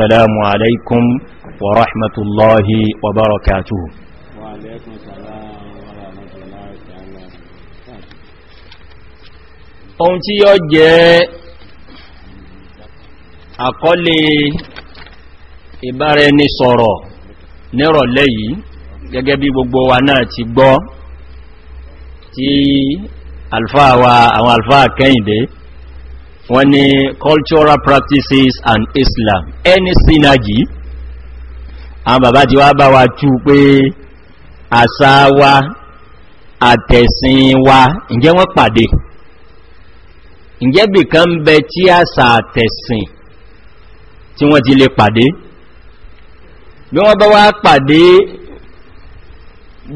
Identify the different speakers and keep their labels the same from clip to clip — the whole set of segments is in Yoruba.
Speaker 1: السلام عليكم ورحمة الله وبركاته وعليكم السلام ورحمة الله وبركاته ohun tí yóò jẹ́ àkọlé ìbára ẹni sọ̀rọ̀ nírọ̀lẹ́ yìí gẹ́gẹ́ bí gbogbo wa náà ti gbọ́ tí alfáà wa àwọn alfáà kẹ́yìndé wọ́n ni cultural practices and islam any synergy àwọn bàbá ti wá bá wa tú pé àṣà wa àtẹ̀sìn wa ǹjẹ́ wọ́n pàdé ǹjẹ́ bì kan ń bẹ tí àṣà àtẹ̀sìn tí wọ́n ti lè pàdé bí wọ́n bá wá pàdé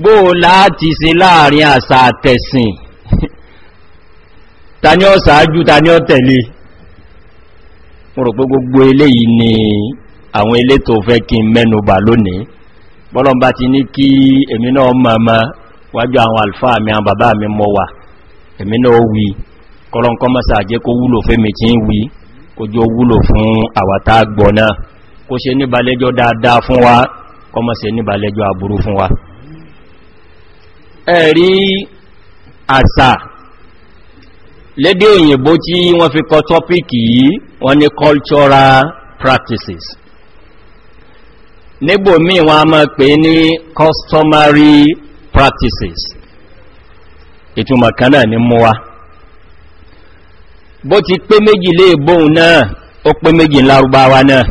Speaker 1: bóò láti ṣe láàrin àṣà àtẹ̀sìn ta ni ó ṣáájú ta ni ó tẹ̀lé mo rò pé gbogbo eléyìí ni àwọn elétò fẹ́ kí n mẹ́nubà lónìí bọ́lọ̀n bá ti ní kí èmi náà mọ̀mọ̀ wájú àwọn alfa mi àwọn bàbá mi mọ́ wà èmi náà wí kọlọ̀nkọ́ mọ́sà jẹ́ kó wúlò fẹ́mi tí ń wí kó jí ó wúlò fún àwàtà gbọ̀ náà kó lédé òyìnbó tí wọ́n fi kọ tọ́píkì yìí wọ́n ní cultural practices nígbò míì wọ́n a máa pè ní customary practices ìtumọ̀ kan náà ní mú wa bó ti pé méjì lè bóhun náà ó pé méjì lárúbáwá náà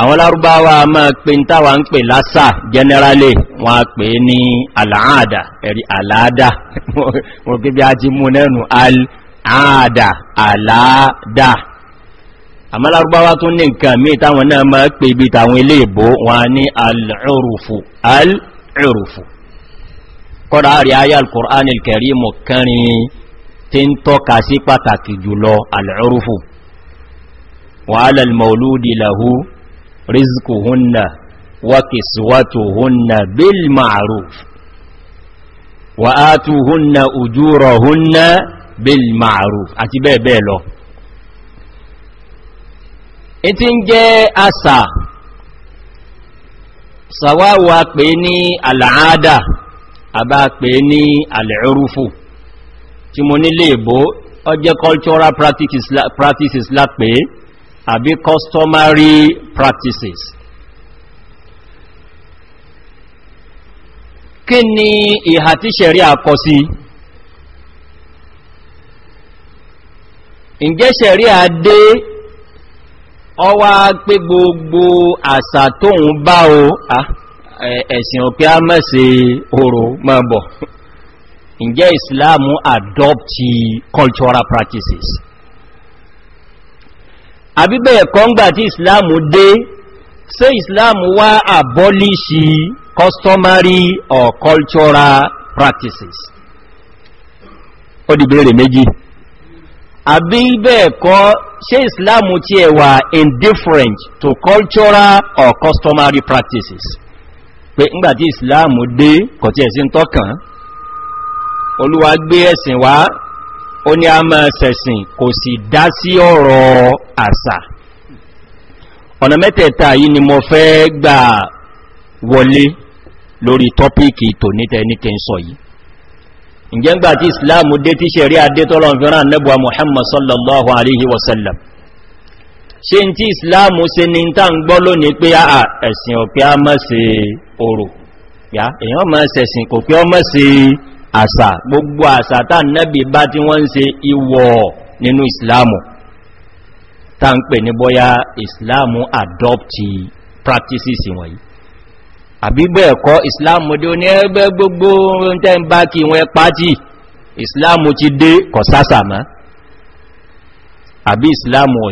Speaker 1: àwọn lárúbáwà máa pè ń tàwà ń pè lásà generally wọ́n a pè ní aláàdà ẹ̀rí aláàdà wọ́n kí bí a ti mú nẹ́nu aláàdà aláàdà àmọ́ lárúbáwà tún ní nǹkan mí táwọn náà máa pè bí tàwọn ilé ìbò wọ́n ní al'urufu al'urufu alal mauludi lahu rizquhunna wa kiswatuhunna bil ma'ruf wa atuhunna ujurahunna bil ma'ruf àti bẹ́ẹ̀ bẹ́ẹ̀ lọ ìtí ń jẹ́ àṣà sàwáwà pé ní àlàádà àbá pé ní àlẹ̀rúfù tí mo nílé ìbò ọjẹ́ cultural practices la pé àbí customary practices kí ni ìhà tí ṣẹ̀rí àkọsí ǹjẹ́ ṣẹ̀rí àdé ọwá pé gbogbo àṣà tóun bá o ẹ̀sìn òpé a mẹ́sẹ̀ orò mẹ́bọ̀ ǹjẹ́ ìsìláàmù adopt cultural practices àbí bẹ́ẹ̀ kọ́ngbà tí islam dé ṣe islam wá àbọ́líṣì customary or cultural practices ó di bèèrè méjì àbí bẹ́ẹ̀ kọ́ ṣe islam tí ẹ wà indifferent to cultural or customary practices pé ńgbàtí islam dé kọ̀ tí ẹ̀sìn tọ́kàn olúwa gbé ẹ̀sìn wá ó ní a máa sẹ̀sìn kò sì dá sí ọ̀rọ̀ àṣà ọ̀nà mẹ́tẹ̀ẹ̀ta yìí ni mo fẹ́ gbà wọlé lórí tọ́píkì tò nítẹ̀ ní kí n sọ yìí ìjẹ́ngbà tí islamu dé tí ṣẹ̀rí adé fẹ́ràn muhammad sallallahu alaihi wasallam ṣe n tí islamu se ní ta a ẹ̀sìn òpí a ya èyàn mọ́ sẹ̀sìn kò pí ọ sí àṣà gbogbo àṣà tá nẹ́bì bá tí wọ́n ń ṣe ìwọ̀ nínú ìsìláàmù tá ń pè ní bọ́yá ìsìláàmù adopti practices wọ̀nyí àbíbẹ̀ ẹ̀kọ́ ìsìláàmù dé ní ẹgbẹ́ gbogbo tẹ́ ń bá kí wọ́n pàtí ìsìláàmù ti dé kọ̀ sásàmá àbí ìsìláàmù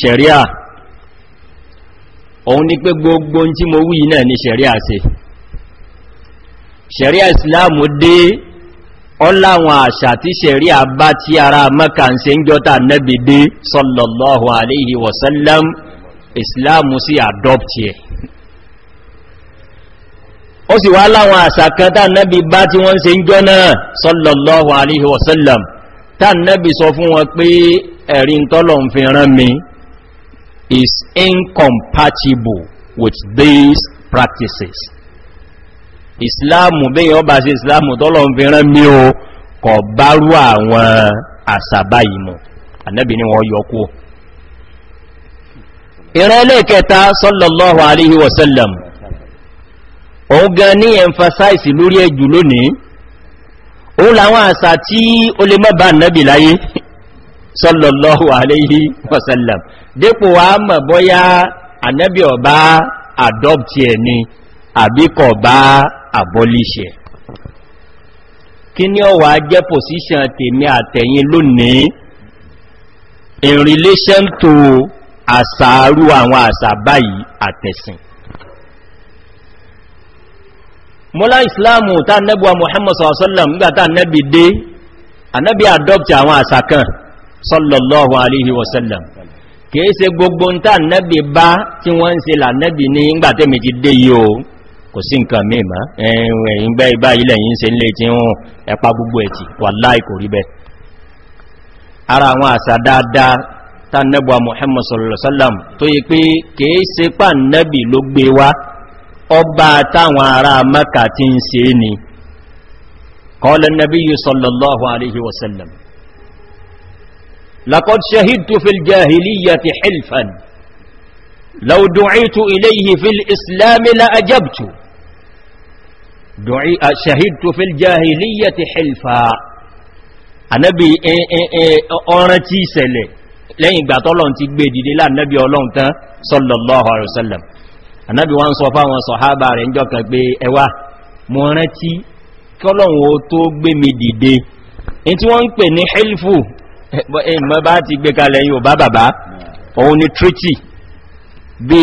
Speaker 1: sẹ̀ríà òun ni pé gbogbo tí mo wí náà ni ṣẹ̀ríà ṣe ṣẹ̀ríà ìsìláàmù dé ọláwọn àṣà tí ṣẹ̀ríà bá tí ara mẹ́ka ń se ń jọta nẹ́bì dé sallallahu alaihi wasallam ìsìláàmù sí adopt ẹ̀ ó sì wá láwọn àṣà kan tá nẹ́bì bá tí wọ́n se ń jọ náà sallallahu alaihi tá nẹ́bì sọ fún wọn pé ẹ̀rin tọ́lọ̀ ń fi rán mi is incompatible with these practices islamu bí yọ sí islamu tọ́lọ̀ ń fi rán mí o kọ̀ bá rú àwọn àṣàbá ìmọ̀ ànẹ́bì ni wọ́n yọkú ìrẹ́lẹ̀ kẹta sọ́lọ̀lọ́wọ́ aléhi wọ̀sẹ́lẹ̀m òun gan ní emphasize lórí ẹjù lónìí òun làwọn àṣà tí ó lè mọ́ bá ànẹ́bì láyé sallallahu alaihi wasallam dípò wa mọ̀ bóyá ànẹ́bí ọba adopt ẹni àbíkọ̀ bá aboliṣẹ́ kí ní ọwà jẹ́ position tèmi àtẹ̀yìn lónìí in relation to àsàárú àwọn àsà báyìí àtẹ̀sìn mọ́lá ìsìláàmù tá nẹ́bùwa mohamed sallallahu alaihi wasallam nígbàtá nẹ́bì dé ànẹ́bì adopt àwọn àsà kan sallallahu alaihi wasallam kìí ṣe gbogbo nta tàà ba bá tí wọ́n ń se lànẹ́bì ní ìgbàtẹ́ méjì dé yíò kò sí nǹkan mẹ́mà ẹ̀yìn bẹ́ ibá ilẹ̀ yìí se lè gbogbo ẹ̀tì wà láì kò ara awọn àṣà dáadáa ta muhammad sallallahu alaihi wasallam ni لقد شهدت في الجاهلية حلفا لو دعيت إليه في الإسلام لأجبت شهدت في الجاهلية حلفا النبي أورتي سلي لين بعد الله أنت بيدي لا النبي الله صلى الله عليه وسلم النبي وان صفا وان صحابة رنجوك بي ايوا مورتي kọ́lọ̀wọ́ tó gbé mi dìde in tí ìmọ̀ eh, bá ti gbé kalẹ̀ yóò bá bàbá òun ni treaty bí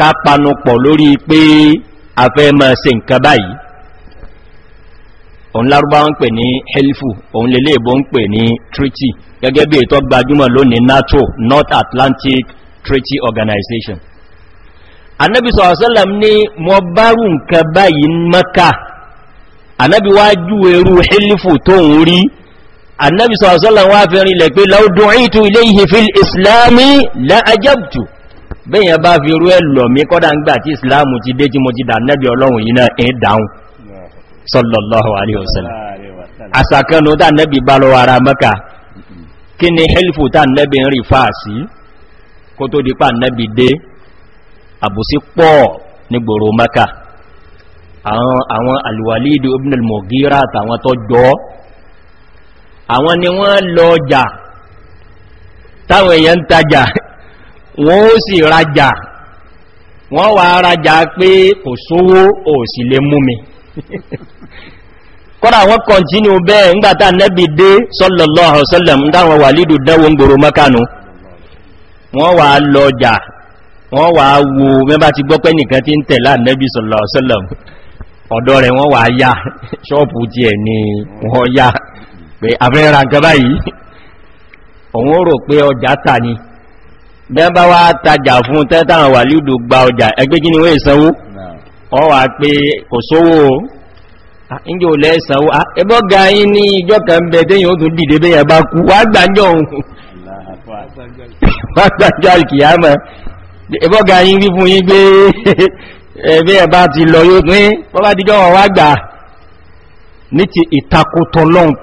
Speaker 1: ká panupọ̀ lórí pé afẹ́ mọ́ se nǹkan báyìí òun lárúbá ń pè ní helfu òun lè léèbó ń pè ní treaty gẹ́gẹ́ bí ètò gbajúmọ̀ lónìí nato north atlantic treaty organization annabi sọ̀rọ̀sọ́lọ̀m ní mọ bárù nǹkan báyìí mọ́ká annabi wájú eru helfu tó rí annabi sọ̀rọ̀sọ́lọ̀ wá fi rinlẹ̀ pé láúdún ìtù ilé ìhìfil islami láàjẹ́bùtù bẹ́yàn bá fi rú ẹ̀lọ̀ mi kọ́dá ń gbà tí islamu ti dé tí mo ti dà nẹ́bí ọlọ́run yìí náà ẹ̀ dáun sọ́lọ̀lọ́hù aléhùsẹ́lẹ̀ àsàkánú tá nẹ́bí bá lọ ara mẹ́ka kí ni helfu tá nẹ́bí ń rí fàásí kó tó dípa nẹ́bí dé àbùsí pọ̀ nígboro mẹ́ka àwọn alwalidu ibn al-mugira àtàwọn tó jọ́ àwọn ni wọ́n lọ ọjà táwọn èèyàn tajà wọ́n ó sì rajà wọ́n wà rajà pé kò sówó ò sì lè mú mi kọ́nà àwọn kọntínú bẹ́ẹ̀ ńgbàtà nẹ́bì dé sọ́lọ̀lọ́ ọ̀sọ́lẹ̀m dáwọn wà lídù dánwò ń gbòrò mọ́kànú wọ́n wà lọ́jà wọ́n wà wo mẹ́bá ti gbọ́pẹ́ nìkan tí ń tẹ̀lá nẹ́bì sọ́lọ̀ pé afẹ́ra nǹkan yìí òun rò pé ọjà tà ní bá wá tajà fún tẹ́tàràn wà lídò gba ọjà ẹgbẹ́ gíní wé ìsanwó ọ wà pé kò sówó ìsanwó ẹbọ́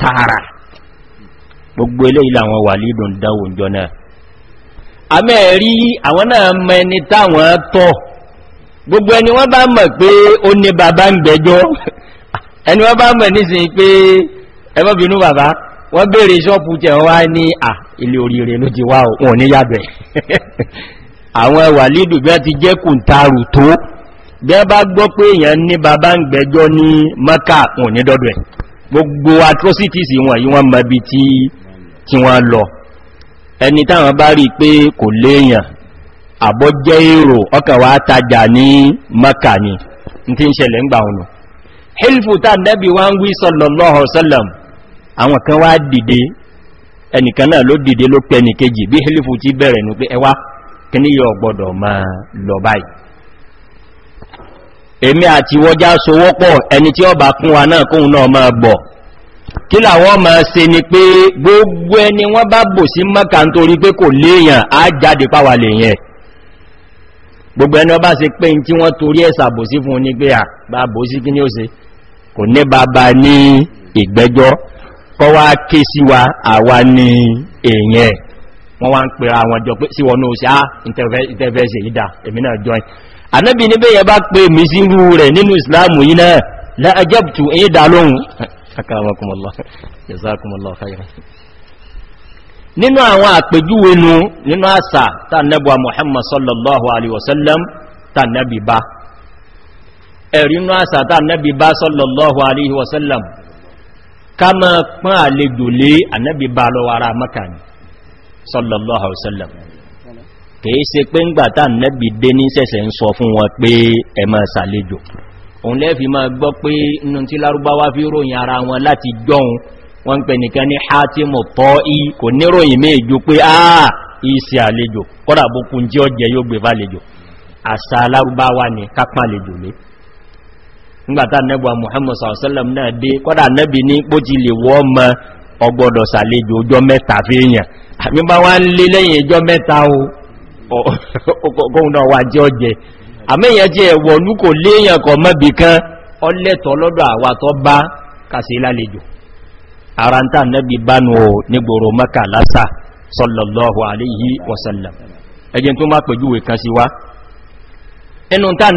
Speaker 1: ga gbogbo ilé ilé àwọn wà lídùn dáwò ìjọ náà a mẹ́rí àwọn náà mọ ẹni táwọn tọ́ gbogbo ẹni wọ́n bá mọ̀ pé ó ní bàbá ń gbẹjọ́ ẹni wọ́n bá mọ̀ nísìn pé ẹmọ́bìnú bàbá wọ́n bèèrè ṣọ́pù tẹ̀ wá ní à ilé oríire ló ti wá wọn ní yàbẹ̀ àwọn wà lídù bí wọ́n ti jẹ́ kùntàrù gbogbo atrocities wọn yí mọ̀ bí ti kí wọ́n lọ ẹni táwọn bá rí pé kò léèyàn àbọ́jẹ́ èrò ọkà wá tajà ní maka ni tí ń ṣẹlẹ̀ ń gbà ọ̀nà hilfu ta nẹ́bí wá ń wí àwọn kan wá dìde ẹnìkan náà ló dìde ló pẹ nìkejì bí hilfu ti bẹ̀rẹ̀ nù pé ọba kún wa náà kóhun náà máa gbọ̀ kí làwọn ma se ni pé gbogbo ẹni wọ́n bá bò sí mọ́ka nítorí pé kò léèyàn á jáde páwà lèyàn gbogbo ẹni ọba se pé tí wọ́n torí ẹ̀sà bò sí fún ní pé à bá bò sí kí ní ó se kò ní bàbá ní ìgbẹ́jọ́ kọ́ wá ké sí wa àwa ní èèyàn wọ́n wá ń pè àwọn jọ pé sí wọnú òsì á ìtẹ́fẹ́sẹ̀ ìdá èmi akramakumullah jazakumullah khairan nínú àwọn àpèjúwe nu nínú àṣà tànẹ́bùwa muhammad sallallahu alaihi wasallam tànẹ́bì bá ẹ̀rí nínú àṣà tànẹ́bì bá sallallahu alaihi wasallam ká ma pán àlejò lé ànẹ́bì bá lọ́wọ́ ara mọ́kàní sallallahu alaihi wasallam kìí ṣe pé ń gbà tànẹ́bì dé ní sẹ́sẹ̀ ń sọ fún wọn pé ẹ máa òun lẹ́fì máa gbọ́ pé inú tí lárúbáwá fi ròyìn ara wọn láti jọun wọ́n ń pè nìkan ní hátìmù tọ́ í kò níròyìn méjò pé àà ìsẹ̀ àlejò kọ́dà bókún jí ọjẹ́ yóò gbé bá lejò àṣà lárúbáwá ni kápá lejò lé nígbàtà nẹ́bà muhammad sallam náà dé kọ́dà nẹ́bì ní pó ti lè wọ́ ọmọ ọgbọ́dọ̀ sàlejò ọjọ́ mẹ́ta o kóhun náà wá àmẹ́yàn jẹ́ ẹ̀wọ̀lú kò léèyàn kọ̀ mọ́bì kan ọlẹ́tọ̀ lọ́dọ̀ àwà tọ́ bá kàsí lálejò ara ń tàn nẹ́bì bánu ò nígboro mọ́kà lásà sọ́lọ̀lọ́hu aléyí wọ̀sẹ̀lẹ̀ ẹgbẹ́ tó má pẹ̀júwé kan sí wá inú tàn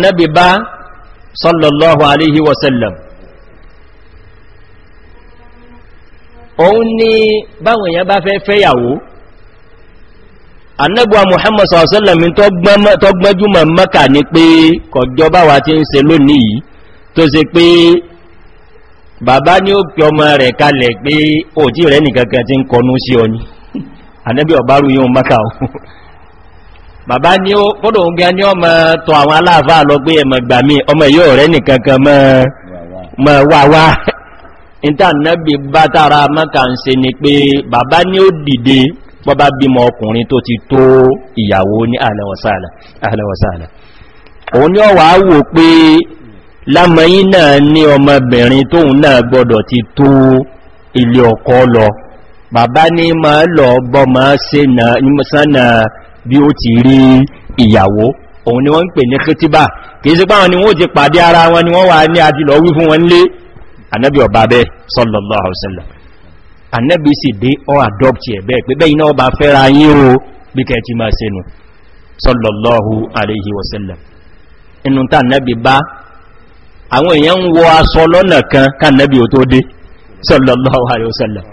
Speaker 1: annabuwa muhammad sallallahu alaihi ma gbẹ́júmọ̀ mẹ́ka ní pé kọjọba wa ti ń se lónìí tó se pé bàbá ní ó pẹ ọmọ rẹ̀ kalẹ̀ pé òjí rẹ̀ nìkankan ti ń kọnú sí ọ ní annabi ọ̀bárù yíò mẹ́ka ohun bàbá ní ó kódò ń gẹ́ ní ọmọ tọ àwọn aláàfáà lọ gbé ẹmọ gbà mí ọmọ yóò rẹ̀ nìkankan mọ́ wà wá ìta annabi bá tara mẹ́ka ni pé bàbá ní ó dìde bọ́bá bímọ ọkùnrin tó ti tó ìyàwó ní àlẹ́wọ̀sáàlẹ̀ òun ni ọwà wò pé lámọ́yí náà ní ọmọbìnrin tóun náà gbọdọ̀ ti tó ilé ọkọ lọ bàbá ní ma lọ bọ́mọ sánà bí ó ti rí ìyàwó òun ni wọ́n ń pè ní kítíbà kìí sí páwọn ni wọ́n ti pàdé ara wọn ni wọ́n wà ní annabi sì dé ọ adopt ẹ̀ bẹ́ẹ̀ pé bẹ́yìn náà bá fẹ́ra yí o bí kẹ́ ti máa se nù sọ́lọ̀lọ́hu aléhi wasallam inú ta annabi bá àwọn èèyàn ń wọ aṣọ lọ́nà kan ká annabi tó dé sọ́lọ̀lọ́hu aléhi wasallam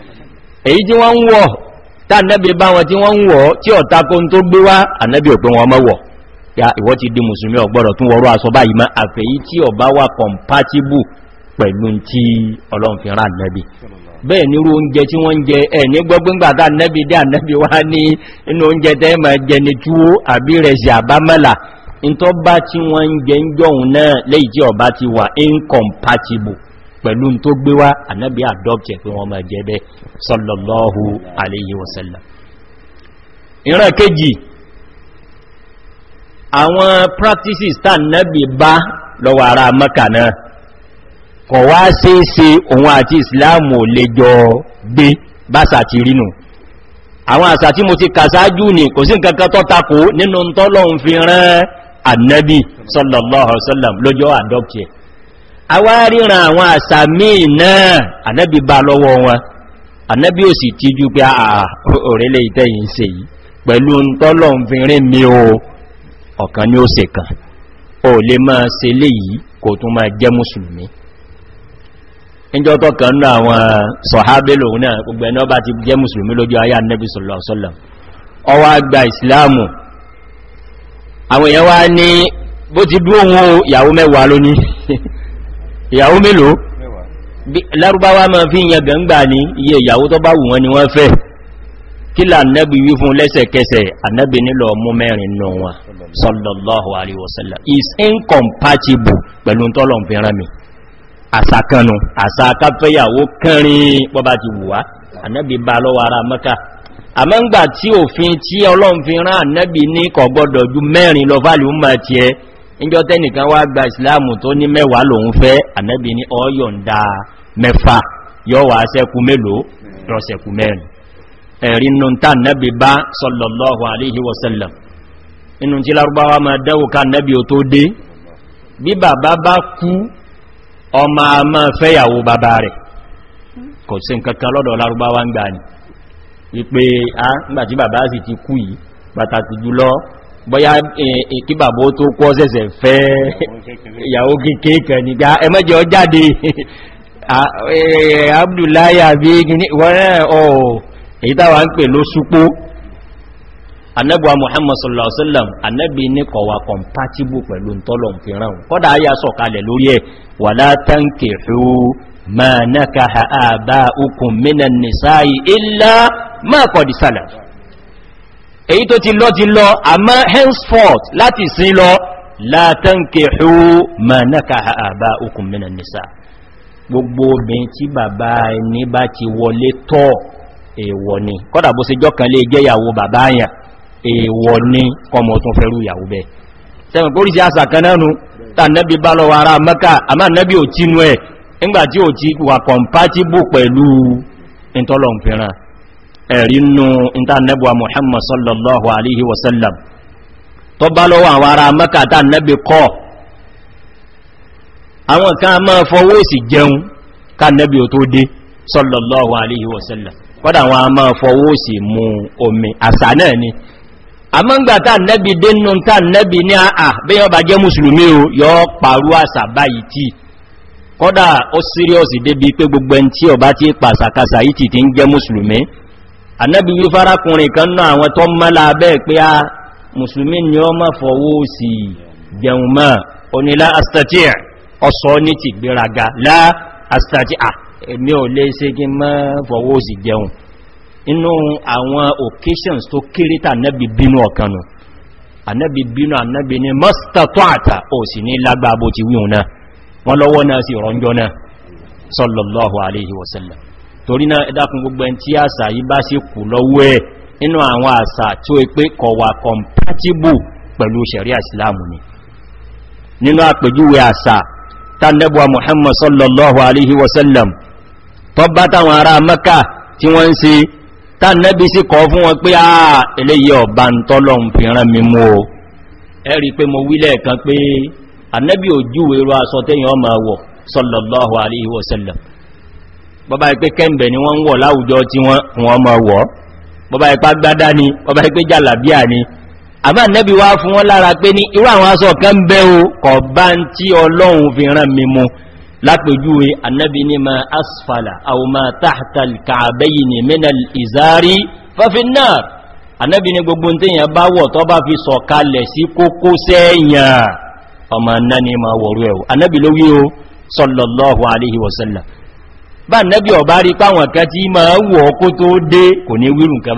Speaker 1: èyí tí wọ́n ń wọ ta annabi bá wọn tí wọ́n ya ìwọ́ ti di musulmi ọgbọ́rọ̀ tún wọ́rọ̀ aṣọ báyìí má àfẹ́yí bẹ́ẹ̀ nírú oúnjẹ tí wọ́n ń jẹ ẹ̀ ní gbọ́gbíngbàtà nẹ́bí dí ànẹ́bí wá ní inú oúnjẹ tẹ́ ma jẹ ní túwó àbí rẹ̀ sí in tó bá tí wọ́n ń jẹ ń jọun náà lẹ́yìn tí ọba ti wà incompatible pẹ̀lú tó gbé wá ànẹ́bí àdọ́kẹ̀ pé wọ́n ma jẹ bẹ́ sọ́lọ̀lọ́hu aléyí wọ́sẹ̀lẹ̀ practices tá nẹ́bí bá lọ́wọ́ ara kọ̀ wá sí ṣe òun àti ìsìláàmù lè jọ gbé básà ti rínú àwọn àṣà tí mo ti kàṣájú ní kò sí nǹkan kan tọ́ nínú tọ́lọ́un fi rán annabi sallallahu alaihi wasallam lójọ́ adopt ẹ̀ awá ríran àwọn àṣà míì náà annabi bá lọ́wọ́ wọn annabi ò sì tí jú pé o ọ̀kan ni ó se kan o lè máa se léyìí kò tún máa jẹ́ mùsùlùmí níjọ́ tó kàn ní àwọn sọ̀hábélò náà gbogbo ẹni ọba ti jẹ́ musulmi lójú ayá nẹ́bí sọ̀lọ̀sọ̀lọ̀ ọwá gba ìsìláàmù àwọn èèyàn wá ní bó ti dú ohun ìyàwó mẹ́wàá lóní ìyàwó mélòó lárúbáwá máa fi yẹn gàngbà ní iye ìyàwó tó bá wù wọn ni wọ́n fẹ́ kí lànẹ́bì wí fún lẹ́sẹ̀kẹsẹ̀ ànẹ́bì nílọ mú mẹ́rin nù wọn sọ́lọ̀lọ́hù àríwọ̀sẹ́lẹ̀ is incompatible pẹ̀lú tọ́lọ̀ fi rán mi àsàkànnù àsàkáfẹ́yàwó kẹrin pọ́bá ti wùwá ànẹ́bì bá lọ́wọ́ ara mọ́ká àmọ́ngbà tí òfin tí ọlọ́run fi rán ànẹ́bì ní kọ̀gbọ́dọ̀ ju mẹ́rin lọ fàálì ń máa ti ẹ níjọ́ tẹ́nìkan wá gba ìsìláàmù tó ní mẹ́wàá lòun fẹ́ ànẹ́bì ní ọyọ̀ǹda mẹ́fà yọ́wà sẹ́kù mélòó rọ̀sẹ̀kù mẹ́rin ẹ̀rí nù tá ànẹ́bì bá sọlọ̀lọ́hù àríhíwọ̀sẹ̀lẹ̀ inú tí lárúbáwá máa dẹ́wò ká ànẹ́bì ọmọ a máa fẹ́yàwó bàbá rẹ̀ kò sí nkankan lọ́dọ̀ lárúbáwá ń gbà ní wípé a ngbàtí bàbá sì ti kú yìí pàtàkì jùlọ bọ́yá kí bàbá tó kọ́ sẹ̀sẹ̀ fẹ́ ìyàwó kéèkẹ́ ní gbá ẹmẹ́jẹ ọjáde abdullahi àbí ìgbìnrin wọ́n rẹ̀ ọ̀ èyí táwà ń pè ló súpó annabuwa muhammad sallallahu alaihi wasallam annabi ni kọwa compatible pẹ̀lú tọ́lọ̀n fi ràn kọ́dá ayá sọ kalẹ̀ lórí ẹ̀ wà látànkì hù ma náka ha àbá okùn minan nisa'i illa ma kọ̀dì sálà èyí tó ti lọ ti lọ àmá henceforth láti sí lọ látànkì hù ma náka ha àbá okùn minan nisa gbogbo obìnrin tí bàbá ẹni bá ti wọlé tọ́ èèwọ̀ ni kọ́dà bó se jọ́kan lè jẹ́yàwó bàbá yàn èèwọ̀ ní kọmọ̀ tún fẹ́rú ìyàwó bẹ́ tẹ́mọ̀ pórí sí àṣà kanánu tà nẹ́bí bá lọ wàrá mẹ́ka àmá nẹ́bí ò tínú ẹ̀ nígbàtí ò tí wà kọmpátíbù pẹ̀lú ìtọ́lọ̀mfẹ́ràn sallallahu alaihi wasallam nẹ́bí kọ́ àwọn kan máa sallallahu alaihi àmọ́ngbà tàà nẹ́bì dénú tàà nẹ́bì ní àà bí yọ́ bá jẹ́ musulmi o yọ́ pàrú àṣà báyìí tí kọ́dà ó síríọ̀sì débi pé gbogbo ẹn tí ọba tí pàṣàkàṣà yìí ti ń jẹ́ musulmi anẹ́bì wí fárakùnrin kan náà àwọn tó mọ́lá abẹ́ pé a musulmi ni ọ mọ́ fọwọ́ sí jẹun mọ́ inú àwọn occasions tó kéré tà nẹ́bì bínú ọ̀kanù anẹ́bì bínú anẹ́bì ní mọ́sítàtọ́ àtà ò sì ní lágbàbò ti wíhun náà wọ́n lọ́wọ́ náà sí rọ́njọ́ náà sallallahu alaihi wasallam torí náà ẹ̀dàkùn gbogbo ẹn tí àṣà yí bá sí kù lọ́wọ́ ẹ̀ inú àwọn àṣà tí ó pé kọwà compatible pẹ̀lú sẹ̀rí muhammad sallallahu alaihi wasallam tọ́bátàwọn ará mẹ́kà tí wọ́n ń se tánẹ́bí sí kọ fún wọn pé àà eléyìí ọ̀bá ń tọ́lọ̀ ń fi rán mi mú o ẹ̀rí pé mo wílẹ̀ kan pé anẹ́bí ojú èrò aṣọ tẹ́yìn ọmọ wọ̀ sọ́lọ̀lọ́hù aléhìwọ̀sẹ́lẹ̀ bọ́bá ipé kẹ́m̀bẹ̀ ni wọ́n ń wọ̀ láwùjọ tí wọ́n mọ̀ wọ̀ ni bọ́bá ipé jàlàbíà ni àbá nẹ́bí wá fún wọn lápèjúwe annabi ni ma asfala au ma tahta alka'abayni min al-izari fa fi an-nar annabi ni gbogbo nteyan bá wọ̀ tó bá fi sọ kalẹ̀ sí kókósẹ̀ ẹ̀yàn ọmọ nani ma woru e o annabi ló wí o sallallahu alaihi wasallam bá annabi ó bá rí pa wọn kan tí ma wọ̀ kó tó dé kò ní wirun kan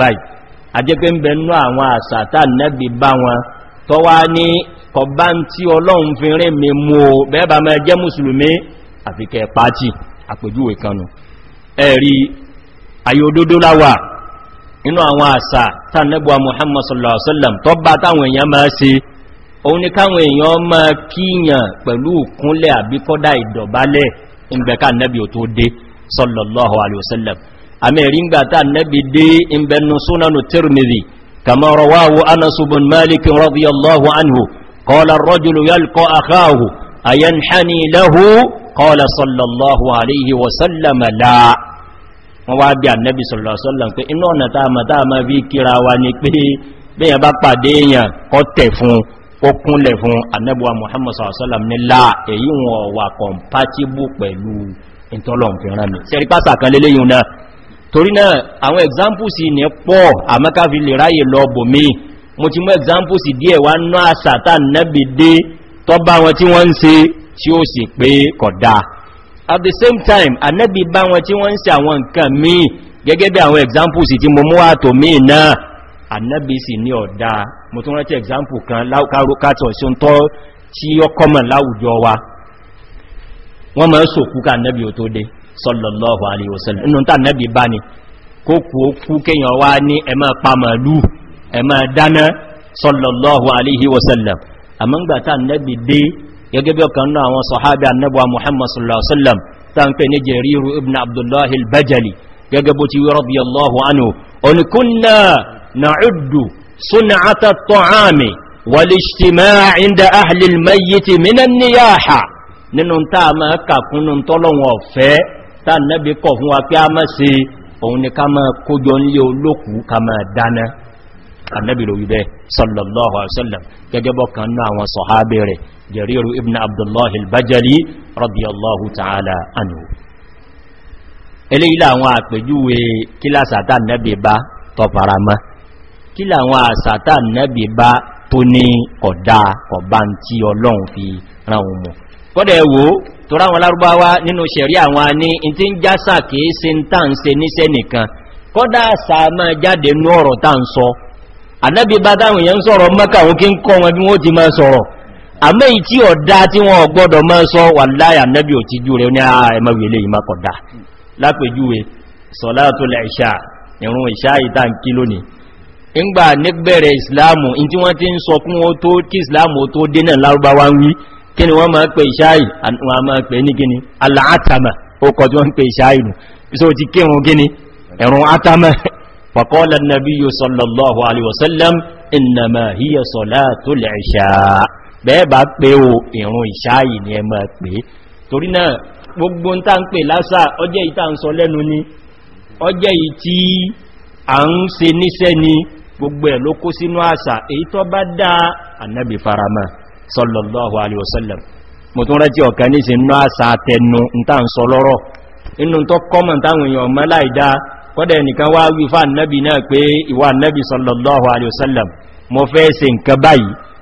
Speaker 1: ní kọ̀bá tí ọlọ́run fi rìn mi mú o bẹ́ẹ̀bà mẹ́ jẹ́ mùsùlùmí àfikẹ́ pàtí àpèjúwe kanù ẹ̀rí ayòdódó láwà inú àwọn àṣà tánẹ́bùwa muhammad sallallahu alaihi wasallam tó bá táwọn èèyàn máa ṣe òun ni káwọn èèyàn máa kíyàn pẹ̀lú kúnlẹ̀ àbíkọ́dá ìdọ̀bálẹ̀ ìgbẹ̀ká nẹ́bì ò tó dé sallallahu alaihi wasallam àmẹ́rin gbà tá nẹ́bì dé ìbẹnu súnanù tirmidhi kama rawahu anas ibn malik radiyallahu anhu qala ar-rajulu yalqa akhahu ayanhani lahu kọ́ọ̀lá sallallahu alaihi wasallama la wọ́n wá bí annabi sallallahu alaihi wasallam pé inú ọ̀nà táàmà táàmà bí kíra wa ni pé bẹ́yàn bá pàdé èèyàn kọ́ tẹ̀ fún ó kúnlẹ̀ fún annabuwa muhammad sallallahu alaihi wasallam ni la examples ní pọ̀ àmọ́káfí lè ráyè lọ bòmí mo examples díẹ̀ wá náà sàtà náà bèdé tọ́bá wọn tí wọ́n ń se tí ó sì pé kọ̀dá at the same time anẹ́bí bá wọn tí wọ́n ń se àwọn nǹkan míì gẹ́gẹ́ bí àwọn examples tí mo mú àtò míì náà anẹ́bí sì ní ọ̀dá mo tún rántí example kan láukárokátọ̀ sí ń tọ́ tí ó kọmọ̀ láwùjọ wa wọ́n mọ́ sòkú ká anẹ́bí ò tó dé sallallahu alaihi wasallam inú ta anẹ́bí bá ni kó kú ó kú sallallahu alaihi wasallam àmọ́ngbàtà anẹ́bí dé gẹ́gẹ́ bí ọkàn náà àwọn sọ̀hábí annabuwa muhammad sallallahu alaihi wasallam ta ń pè ní jeriru ibn abdullahi al-bajali gẹ́gẹ́ bó ti wí rọ́bí allahu anu oníkúnnà na uddu suna ata tọ́ámi wàlìṣtìmá inda ahlil mayyiti minan niyaha nínú ta ma kàkúnnù tọ́lọ̀wọ̀n ọ̀fẹ́ ta nabi kọ̀ fún wa pé a má se òun ni ká máa kójọ ní olókù ká máa dáná annabi lórí bẹ́ sallallahu alaihi wasallam gẹ́gẹ́ bọ́ kan náà àwọn sọ̀hábẹ̀ rẹ̀ jẹ̀ríru ابن عبد الله bajali رضي الله تعالى عنه. àwọn àpèjúwe kílásàtà كلا bá tọ farama kí làwọn àsàtà nẹ́bì bá tó ní kọ̀dá kọ̀bá tí ọlọ́run fi ran ohun mọ̀ kọ́dẹ̀ wo tó ráwọn lárúbáwá nínú sẹ̀rí àwọn ní in ti ń jásà kìí se ń tàn se níṣẹ́ nìkan kọ́dá sàmà jáde nú ọ̀rọ̀ tàn sọ ànẹ́bì bá táwọn èèyàn sọ̀rọ̀ mọ́kàwọn kí ń kọ́ wọn bí wọ́n ti máa sọ̀rọ̀ àmẹ́ ì tí ọ̀dá tí wọ́n gbọ́dọ̀ mọ́ sọ wà láyà nẹ́bí òtí jú rẹ̀ ní ààrẹ̀mọ́wì ah, ilé ìmọ́kọ̀dá lápẹjúwe sọ̀látọ̀lẹ̀ ìṣà ìrún ìṣà ìta ń kí lónìí ńgbà nígbẹ̀rẹ̀ ìsìláàmù in tí wọ́n ti ń sọ fún tó kí ìsìláàmù tó dénà lárúbáwá ń wí kí ni wọ́n máa pè ìṣáì àwọn máa pè ní gíní aláàtàmà ó kọ tí wọ́n bẹ́ẹ̀bà pé o ìrùn ìṣáyì ni ẹmọ pé torí náà gbogbo ń tá ń pè lásà ọjẹ́ ìta ń sọ lẹ́nu ni ọjẹ́ ì tí a ń se níṣẹ́ ni gbogbo ẹ̀ ló kó sínú àṣà èyí tó bá dá annabi farama sallallahu alaihi wasallam mo tún rántí ọ̀kan ní sí inú àṣà tẹnu ń tá ń sọ fẹ́ se nǹkan báyìí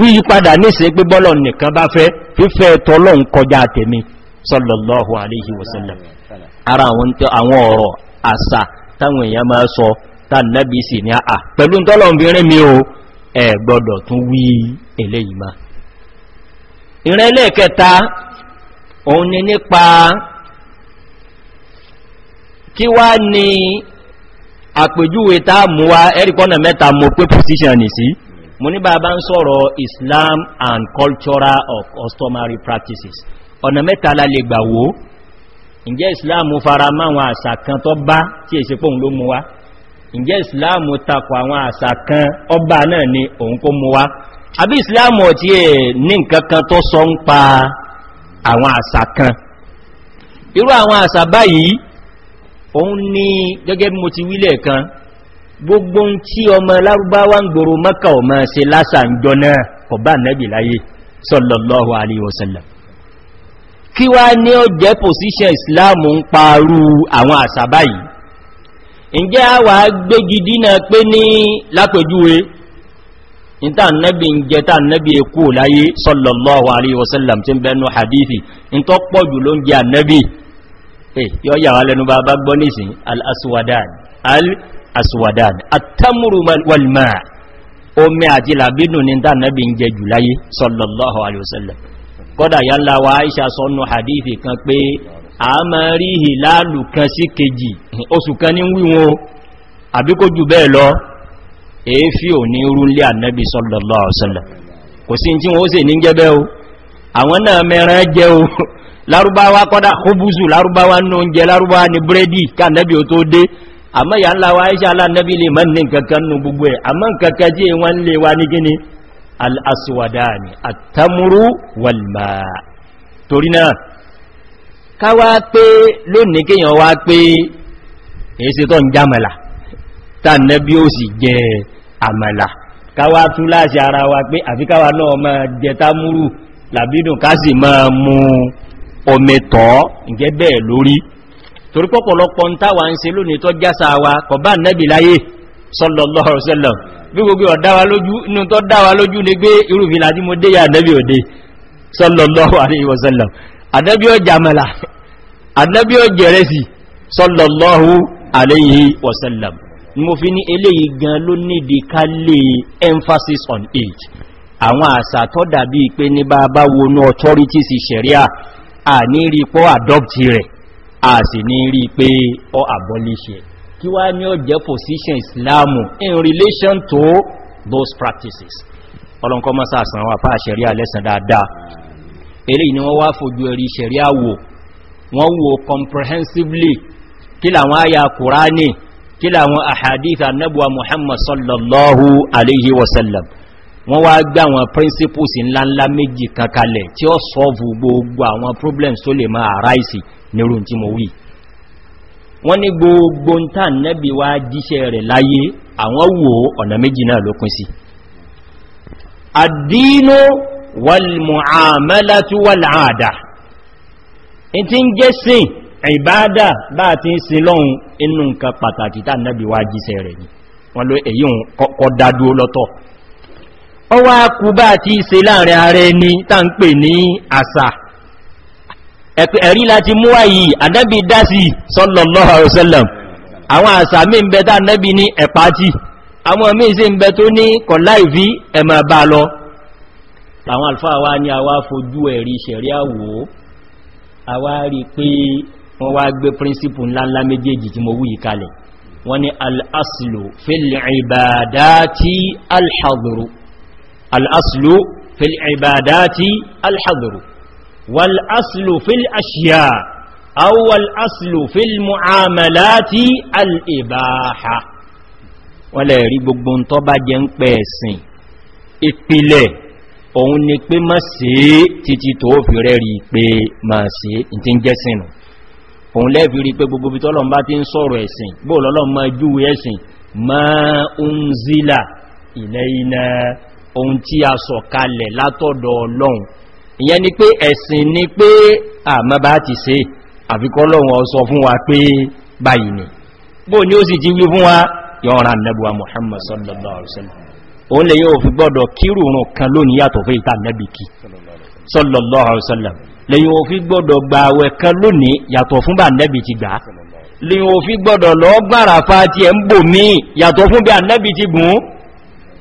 Speaker 1: wíyí padà níṣẹ́ pé bọ́lọ̀ nìkan bá fẹ́ fífẹ́ tọ́lọ̀ ń kọjá tẹ̀mí sọ́lọ̀lọ́hù aléhì wòsànlẹ̀ ara àwọn ọ̀rọ̀ àṣà táwọn èèyàn máa sọ tàbí sí ní àà pẹ̀lú tọ́lọ̀mìnrin mi o ẹ gbọ́dọ̀ tún wí eléyìí ma ìrìn ni nípa kí wá ní àpèjúwe táàmù wa si mo ní bàbá ń sọ̀rọ̀ islam and cultural of customary practices ọ̀nà mẹ́ta la lè gbà wó ǹjẹ́ islam fara máwọn àṣà kan tó bá tí èsì pòun ló mú wá ǹjẹ́ islam takọ̀ àwọn àṣà kan ọba náà ni òun kó mú wá àbí islam ọ̀tí ẹ̀ ní nkankan tó sọ ń pa àwọn àṣà kan irú àwọn àṣà báyìí òun ni gẹ́gẹ́ mo ti wílẹ̀ kan gbogbo ń tí ọmọ lárúbáwá ń gbòrò mọ́kà ọmọ se lásà ń jọ náà kọ̀ bá nẹ́bì láyé sọ́lọ̀lọ́wọ́ aléwọ̀sẹ̀lẹ̀ kí wá ní ó jẹ́ pòsíṣẹ́ ìsìláàmù ń parú àwọn àsàbá yìí ǹjẹ́ a wà gbégidí náà pé ní lápẹjúwe ìta nẹ́bì ń hadithi ń tọ́ pọ̀ jù ló ń jẹ ànẹ́bì eh, yọ́ yà wá al-aswadan al aswadan at-tamru wal ma' omi àti làbínú ní dánàbí ń jẹ jùláyé sallallahu alaihi wasallam kọ́dà yánlá wa aisha sọ́nà hadithi kan pé a ma rí hìláàlù kan sí kejì oṣù kan ní wíwọn àbí kó jù bẹ́ẹ̀ lọ èéfí ò ní rúnlé ànábì sallallahu alaihi wasallam kò sí tí wọ́n ó sì ní jẹ́bẹ́ o àwọn náà mẹ́ran jẹ́ o lárúbáwá kọ́dà kóbùsù lárúbáwá ní oúnjẹ lárúbáwá ní búrẹ́dì ká ànábì ó tó dé àmọ́ ìyà ńlá wa iṣẹ́ alánẹ́bí lè mọ́ ní kankan nù gbogbo ẹ̀ àmọ́ kankan jí wọ́n lè wa ní gíní al'aswada ni àtàmúrú wàlmà torí náà ká wá pé lónìí kíyàn wá pé èsì tó ń jámàlà tànẹ́bí ó sì jẹ àmàlà ká wá tún láṣẹ ara wa pé àfikáwà náà ma jẹ támúrú làbídùn ká sì máa mú omi tọ́ ìgẹ́ bẹ́ẹ̀ torí pọ̀pọ̀lọpọ̀ ń táwà ń se lónìí tó jásá wa kọ̀ bá nẹ́bì láyé sọ́lọ̀lọ́rọ̀sẹ́lọ̀ bí gbogbo ọ̀dáwà lójú inú tó dáwà lójú ní gbé irúfìlà tí mo dé yà nẹ́bì òde sọ́lọ̀lọ́rọ̀ mo fi ní eléyìí gan ló nídi ká lè emphasis on age àwọn àṣà tọ́ dàbí pé ní bá bá wọnú authorities ìṣẹ̀ríà à ní rí adopt rẹ̀ a sì ní rí pé ọ abolish kí wá ní ọ position islam in relation to those practices ọlọ́nkọ́ masá àsànwà àpá àṣẹ̀rí alẹ́sàn dáadáa eré ni wọ́n wá fojú ẹ̀rí ìṣẹ̀rí àwò wọ́n wo comprehensively kí làwọn àyà kùránì kí làwọn àhàdíta nẹ́bùwa muhammad sallallahu alaihi wasallam wọ́n wá gbá àwọn principles ńláńlá méjì kankalẹ̀ tí ó sọ́ọ̀fù gbogbo àwọn problems tó lè máa aráìsì nírò tí mo wí wọ́n ní gbogbo ń tàn nẹ́bí wá jíṣẹ́ rẹ̀ láyé àwọn wo ọ̀nà méjì náà ló kún sí àdínú wàlmùàmẹ́látú wàlàádà in ti ni wọ́n ló èyí kọ́ dádúó ọwá kúbá tí ṣe láàrin ààrẹ ni tá ń pè ní àṣà ẹ̀rí láti mú wáyìí àdábì dásì sọ́lọ̀lọ́wọ́ ọ̀sẹ́lẹ̀m àwọn àṣà mí ń bẹ tá nẹ́bì ní ẹ̀pátì àwọn mí sí ń bẹ tó alfáà wá ní àwá fojú ẹ̀rí ṣẹ̀rí àwò àwá rí pé wọ́n wá gbé príncipù ńláńlá méjèèjì tí mo wúyí kalẹ̀ wọ́n ni al-aslu fil ibadati al الأصل في العبادات alhazuru والأصل في الأشياء أو الأصل في المعاملات الإباحة ولا wọ́n lè rí gbogbo tó bá jẹ ń pẹ̀ ẹ̀sìn ìpìlẹ̀ òun ni pé má sí títí tó fi rẹ̀ rí pé má sí ìtí ń jẹ́ sínú òun lẹ́bí rí pé gbogbo bitọ́lọ̀ bá ti ń sọ̀rọ̀ ẹ̀sìn bóòlọ́lọ́ ma júwe ẹ̀sìn ma ń zílà ilẹ̀ iná ohun tí a sọ kalẹ̀ látọ̀dọ̀ ọlọ́run ìyẹn ni pé ẹ̀sìn ni pé àmọ́ bá ti ṣe àfikọ́lọ́run ọsọ fún wa pé báyìí ni bó ní ó sì ti wí fún wa yọ́nra nẹ́bùwa muhammad sallallahu alaihi wasallam òun lè yóò fi gbọ́dọ̀ kírùrùn kan lónìí yàtọ̀ fẹ́ ìta nẹ́bì kí sallallahu alaihi wasallam lè yóò fi gbọ́dọ̀ gba àwẹ̀ kan lónìí yàtọ̀ fún bá nẹ́bì ti gbà lè yóò lọ gbára fa ti ẹ̀ ń bò mí yàtọ̀ fún bí nẹ́bì ti gùn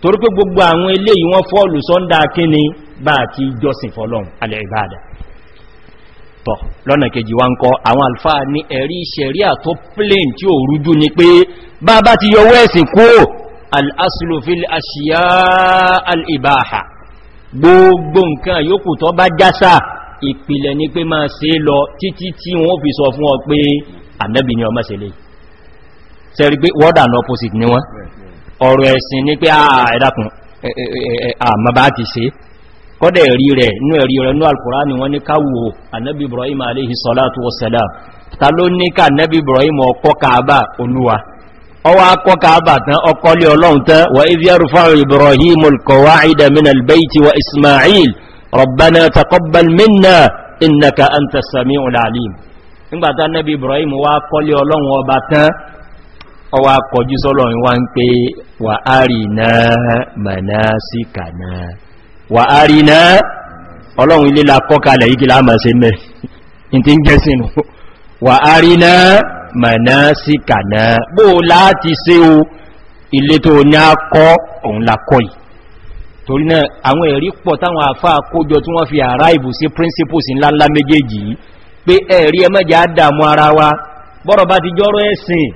Speaker 1: torí pé gbogbo àwọn eléyìí wọ́n fọ́ọ̀lù sọ́ndà kíni bá ti jọsìn fọ́lọ́m alẹ́ìbáadà tọ̀ lọ́nà kejì wá ń kọ́ àwọn alfa ní ẹ̀rí ìṣẹ̀rí àtọ́ plain tí ó rújú ni pé bá bá ti yọwọ́ ẹ̀sìn kó al'asulofil aṣíyá al'ibaha gbogbo nǹkan se lọ títí tí wọ́n fi ọ̀rọ̀ ẹ̀sìn ní pé àìdàkùn ah, àmàbá ah, ti ṣe kọ́dẹ̀ rí rẹ̀ inú ẹ̀rí rẹ̀ ní alkùránì wọ́n ní káwò annabi ibrahim aléhì sọ́látù wọ́sẹ̀lá ta ló ní ká annabi ibrahim ọkọ́ kaaba olúwa ọwọ́ akọ́ kaaba tán ọkọ́lé ọlọ́run tán wà ìfẹ́rù fáwọn ọwá kọjú sọ́lọ̀ wá ń pé wà á rí náà mẹ́nà sí kànà wà á rí náà ọlọ́run ilé la kọ́kalẹ̀ yìí kí láàmà sí mẹ́ ìtí ń jẹ́ sínú wà á rí náà mẹ́nà sí kànà bó láti sí o ilé tó ní a òun la kọ́ yìí torí náà àwọn ẹ̀rí pọ̀ táwọn àfáà kójọ tí wọ́n fi àrá ìbù sí principles ńláńlá méjèèjì pé ẹ̀rí ẹmẹ́jẹ̀ á dàmú ara wa bọ́rọ̀ bá ti jọ́rọ̀ ẹ̀sìn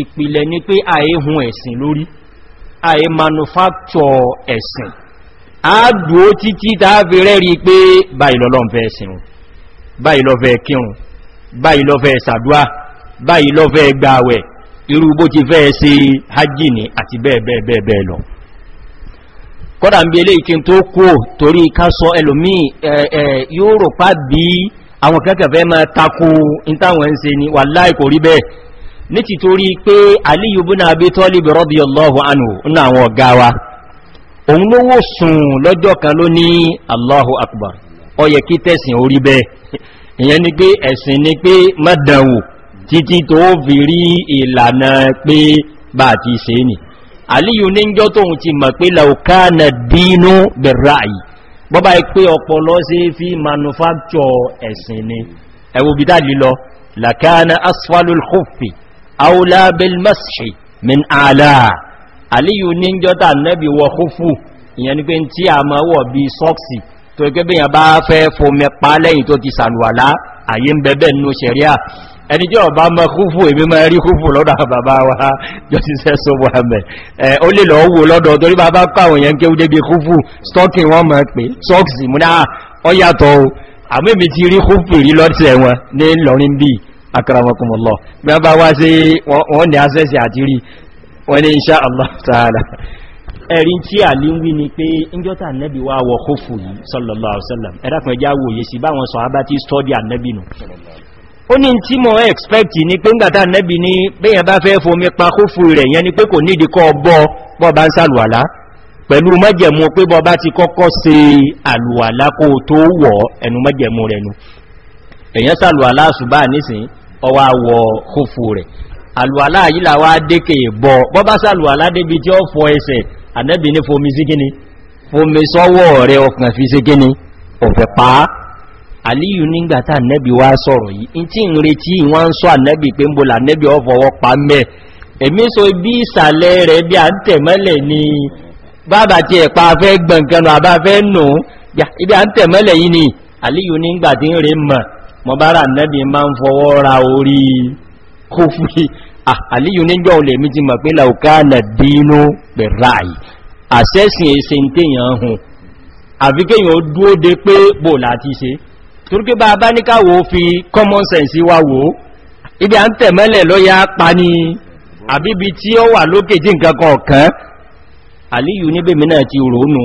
Speaker 1: ìpìlẹ̀ ni pé àyè hun ẹ̀sìn lórí àyè manufactọ̀ ẹ̀sìn àádùó títí tààfi rẹ́rí pé báyìí lọ́lọ́mfẹ́ ẹ̀sìn báyìí lọ́fẹ́ kírùn báyìí lọ́fẹ́ sàdúà báyìí lọ́fẹ́ gbàwẹ̀ irú bó ti fẹ́ sí hajji ni àti bẹ́ẹ̀bẹ́ẹ̀bẹ́ẹ̀ lọ kọ́dà ń bí ilé ìkín tó kó torí ká sọ ẹlòmí yóò rò ní ti torí pé aliyu bí náà bí tọ́lì bí rọ́bí allahu anu ní àwọn ọ̀gá wa òun ló wó sùn lọ́jọ́ kan ló ní allahu akbar ọ yẹ kí tẹ́sìn orí bẹ́ ìyẹn ni pé ẹ̀sìn ni pé mọ́dànwò títí tó fi rí ìlànà pé bá ti ṣe nì aliyu ní jọ tóhun ti mọ̀ pé laukana dínú bẹ̀rẹ̀ àyí asfalul khufi aula bilmashi min ala aliyu ní jọta nẹ́bí wọ kúfù ìyẹn ni pé tí a mọ́ wọ̀ bí sọ́ksì tó ikẹ́ bí yàn bá fẹ́ fomi pa lẹ́yìn tó ti sàlùwàlá àyí ń bẹ̀bẹ̀ nínú sẹ̀ríà ẹni jẹ́ ọba mọ́ kúfù èmi mọ́ rí kúfù lọ́dọ̀ bàbá wa jọsíṣẹ́ so mohamed ẹ ó lè lọ wò lọ́dọ̀ torí bàbá pàwọn yẹn kéwú débi kúfù stọ́kì wọ́n mọ́ pé sọ́ksì múná ọyàtọ̀ ah, àmì mi ti rí kúfù rí lọ́tẹ̀ wọn ní lọ́rin bíi akaramakumullah bí a bá wá sí wọ́n ní asẹ́sì àti rí wọ́n ní inṣá allah ta'ala ẹ̀rin tí a lè ń wí ni pé injọta annabi wá wọ kófù yìí sallallahu ala'uwasallam ẹ̀dàkùn ẹjá wòye sí báwọn sọ abá tí stọ́dí annabi ni pé ńgbàtà annabi ní bẹ́yàn bá fẹ́ fomi pa kófù rẹ̀ yẹn ni pé kò ní ìdíkọ́ bọ́ bọ́ bá pẹ̀lú mọ́jẹ̀mú pé bọ́ ti kọ́kọ́ se àlùwàlá kó tó wọ̀ ẹnu mọ́jẹ̀mú rẹ̀ nù èyàn sàlùwàlá ṣùgbà nísìnyí ọwá wọ kófù rẹ̀ alùwàlá yìí làwá dékè bọ̀ bọ́bá sàlùwàlá débi tí ó fọ ẹsẹ̀ ànẹ́bì ní fomi sí gíní fomi sọ́wọ́ rẹ̀ ọkàn fi sí gíní ọ̀fẹ́ pa àlíyù nígbàtà ànẹ́bì wá sọ̀rọ̀ yìí in tí ń retí wọ́n ń sọ ànẹ́bì pé ń bò lànẹ́bì ọfọwọ́ pa mẹ́ èmi so bí ìsàlẹ̀ rẹ̀ bí à ń tẹ̀mọ́lẹ̀ ni bábà mọ̀bára nẹ́bí máa ń fọwọ́ ra orí kófí àlíyù níjọ́ olè mi ti mọ̀ pé laukana dínú pẹ̀ráì àṣẹ́sìn èsè tèyàn hùn àfikẹ́yàn ó dúó de pé bò láti ṣe turkey bá bá ní káwò fi common sense wá wò ibi à ń tẹ̀mẹ́lẹ̀ lọ́yá pa ní àbíbi tí ó wà lókè tí nǹkan kọ̀ọ̀kan àlíyù níbèmí náà ti rò nù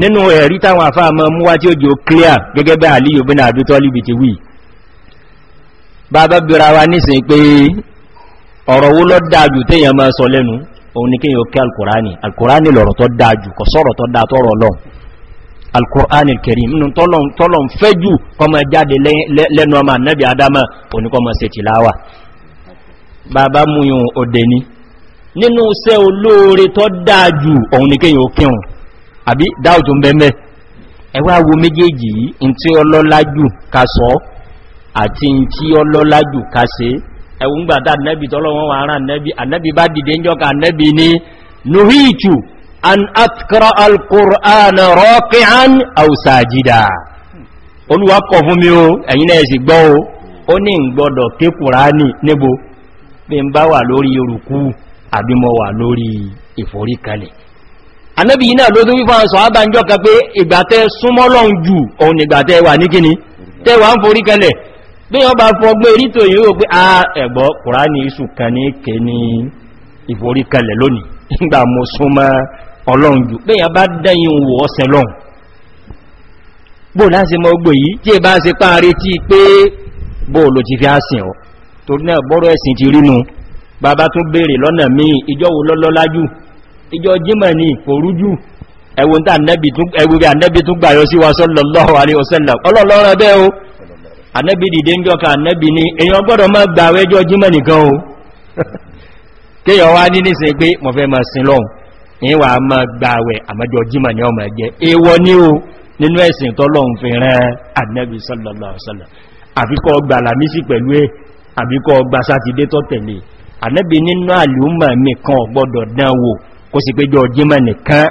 Speaker 1: nínú ẹ̀rí táwọn àfáà mọ́ múwá tí ó jò clear gẹ́gẹ́ bẹ́ àlíyò bí náà àbítọ́ líbi ti wí bàbá bíra wa nísìn pé ọ̀rọ̀ wó lọ dáadù téèyàn máa sọ lẹ́nu òun ní kíyàn kí alkùránì alkùránì lọ̀rọ̀ tó dáadù kọ sọ́rọ̀ tó dáa tọ́rọ̀ lọ alkùránì nínú tọ́lọ̀ ń fẹ́ jù kọmọ jáde lẹ́nu ọmọ annabi adama oníkọmọ se tìláwà bàbá múyùn òdè ni nínú iṣẹ́ olóore tó dáadù òun ní kíyàn kírùn àbí dáòtù ń bẹ́mẹ́ ẹwà wo méjèèjì yìí in tí ọlọ́lájù ka sọ àti in tí ọlọ́lájù ka se ẹwùn gbàdá nẹ́bì tọ́lọ́wọ́n wà rán nẹ́bì ànẹ́bì bá dìde ń jọ́ka nẹ́bì ní nuhitu an atkara alkur'an rọ́kìán àwùsàjìdà olúwa kọ̀ fún mi o ẹ̀yìn náà gbọ́ o ó ní ìgbọ́dọ̀ ké níbo bí n bá wà lórí orùkú àbí mọ́ wà lórí ìforíkalẹ̀ anábi yìí náà ló tó wípá sọ àbájọ́ kan pé ìgbàtẹ́ súnmọ́lọ́n jù òun ìgbàtẹ́ wà ní kíni tẹ́wàá ń forí kẹlẹ̀ bí wọ́n bá fọgbé rítò yìí ó pé a ah, ẹ̀gbọ́ kùránì iṣù kan ní ké ní ìforí kẹlẹ̀ lónìí nígbà mo súnmọ́ ọlọ́run jù pé yà bá dẹ́yìn wò ọ́sẹ̀ lọ́run bó ìjọ jímọ̀ ní ìkòrújù ẹwùn tàà ẹgbùgbà annabi tún gbà yọ sí wa sọ́lọ̀lọ́wọ́ aléòsẹ́lẹ̀ ọlọ́lọ́rọ̀ bẹ́ o annabi dìde ń jọka annabi ní èyàn gbọ́dọ̀ má gbà wẹ́jọ́ jímọ̀ nìkan o kéyàn wá ní nísìn pé mọ̀ fẹ́ ma sin lọ́hun ìwà ma gbà wẹ̀ àmọ́jọ́ jímọ̀ ní ọmọ ẹgbẹ́ ewọ ní o nínú ẹ̀sìn tọ́lọ́hun fi rán annabi sọ́lọ̀lọ́sọ́lọ̀ àfikọ́ gbà làmísì pẹ̀lú ẹ̀ àbíkọ́ gbà sátidé tọ́tẹ̀lé annabi nínú àlùmọ̀ mi kan dánwò kó sì péjọ jímọ̀ nìkan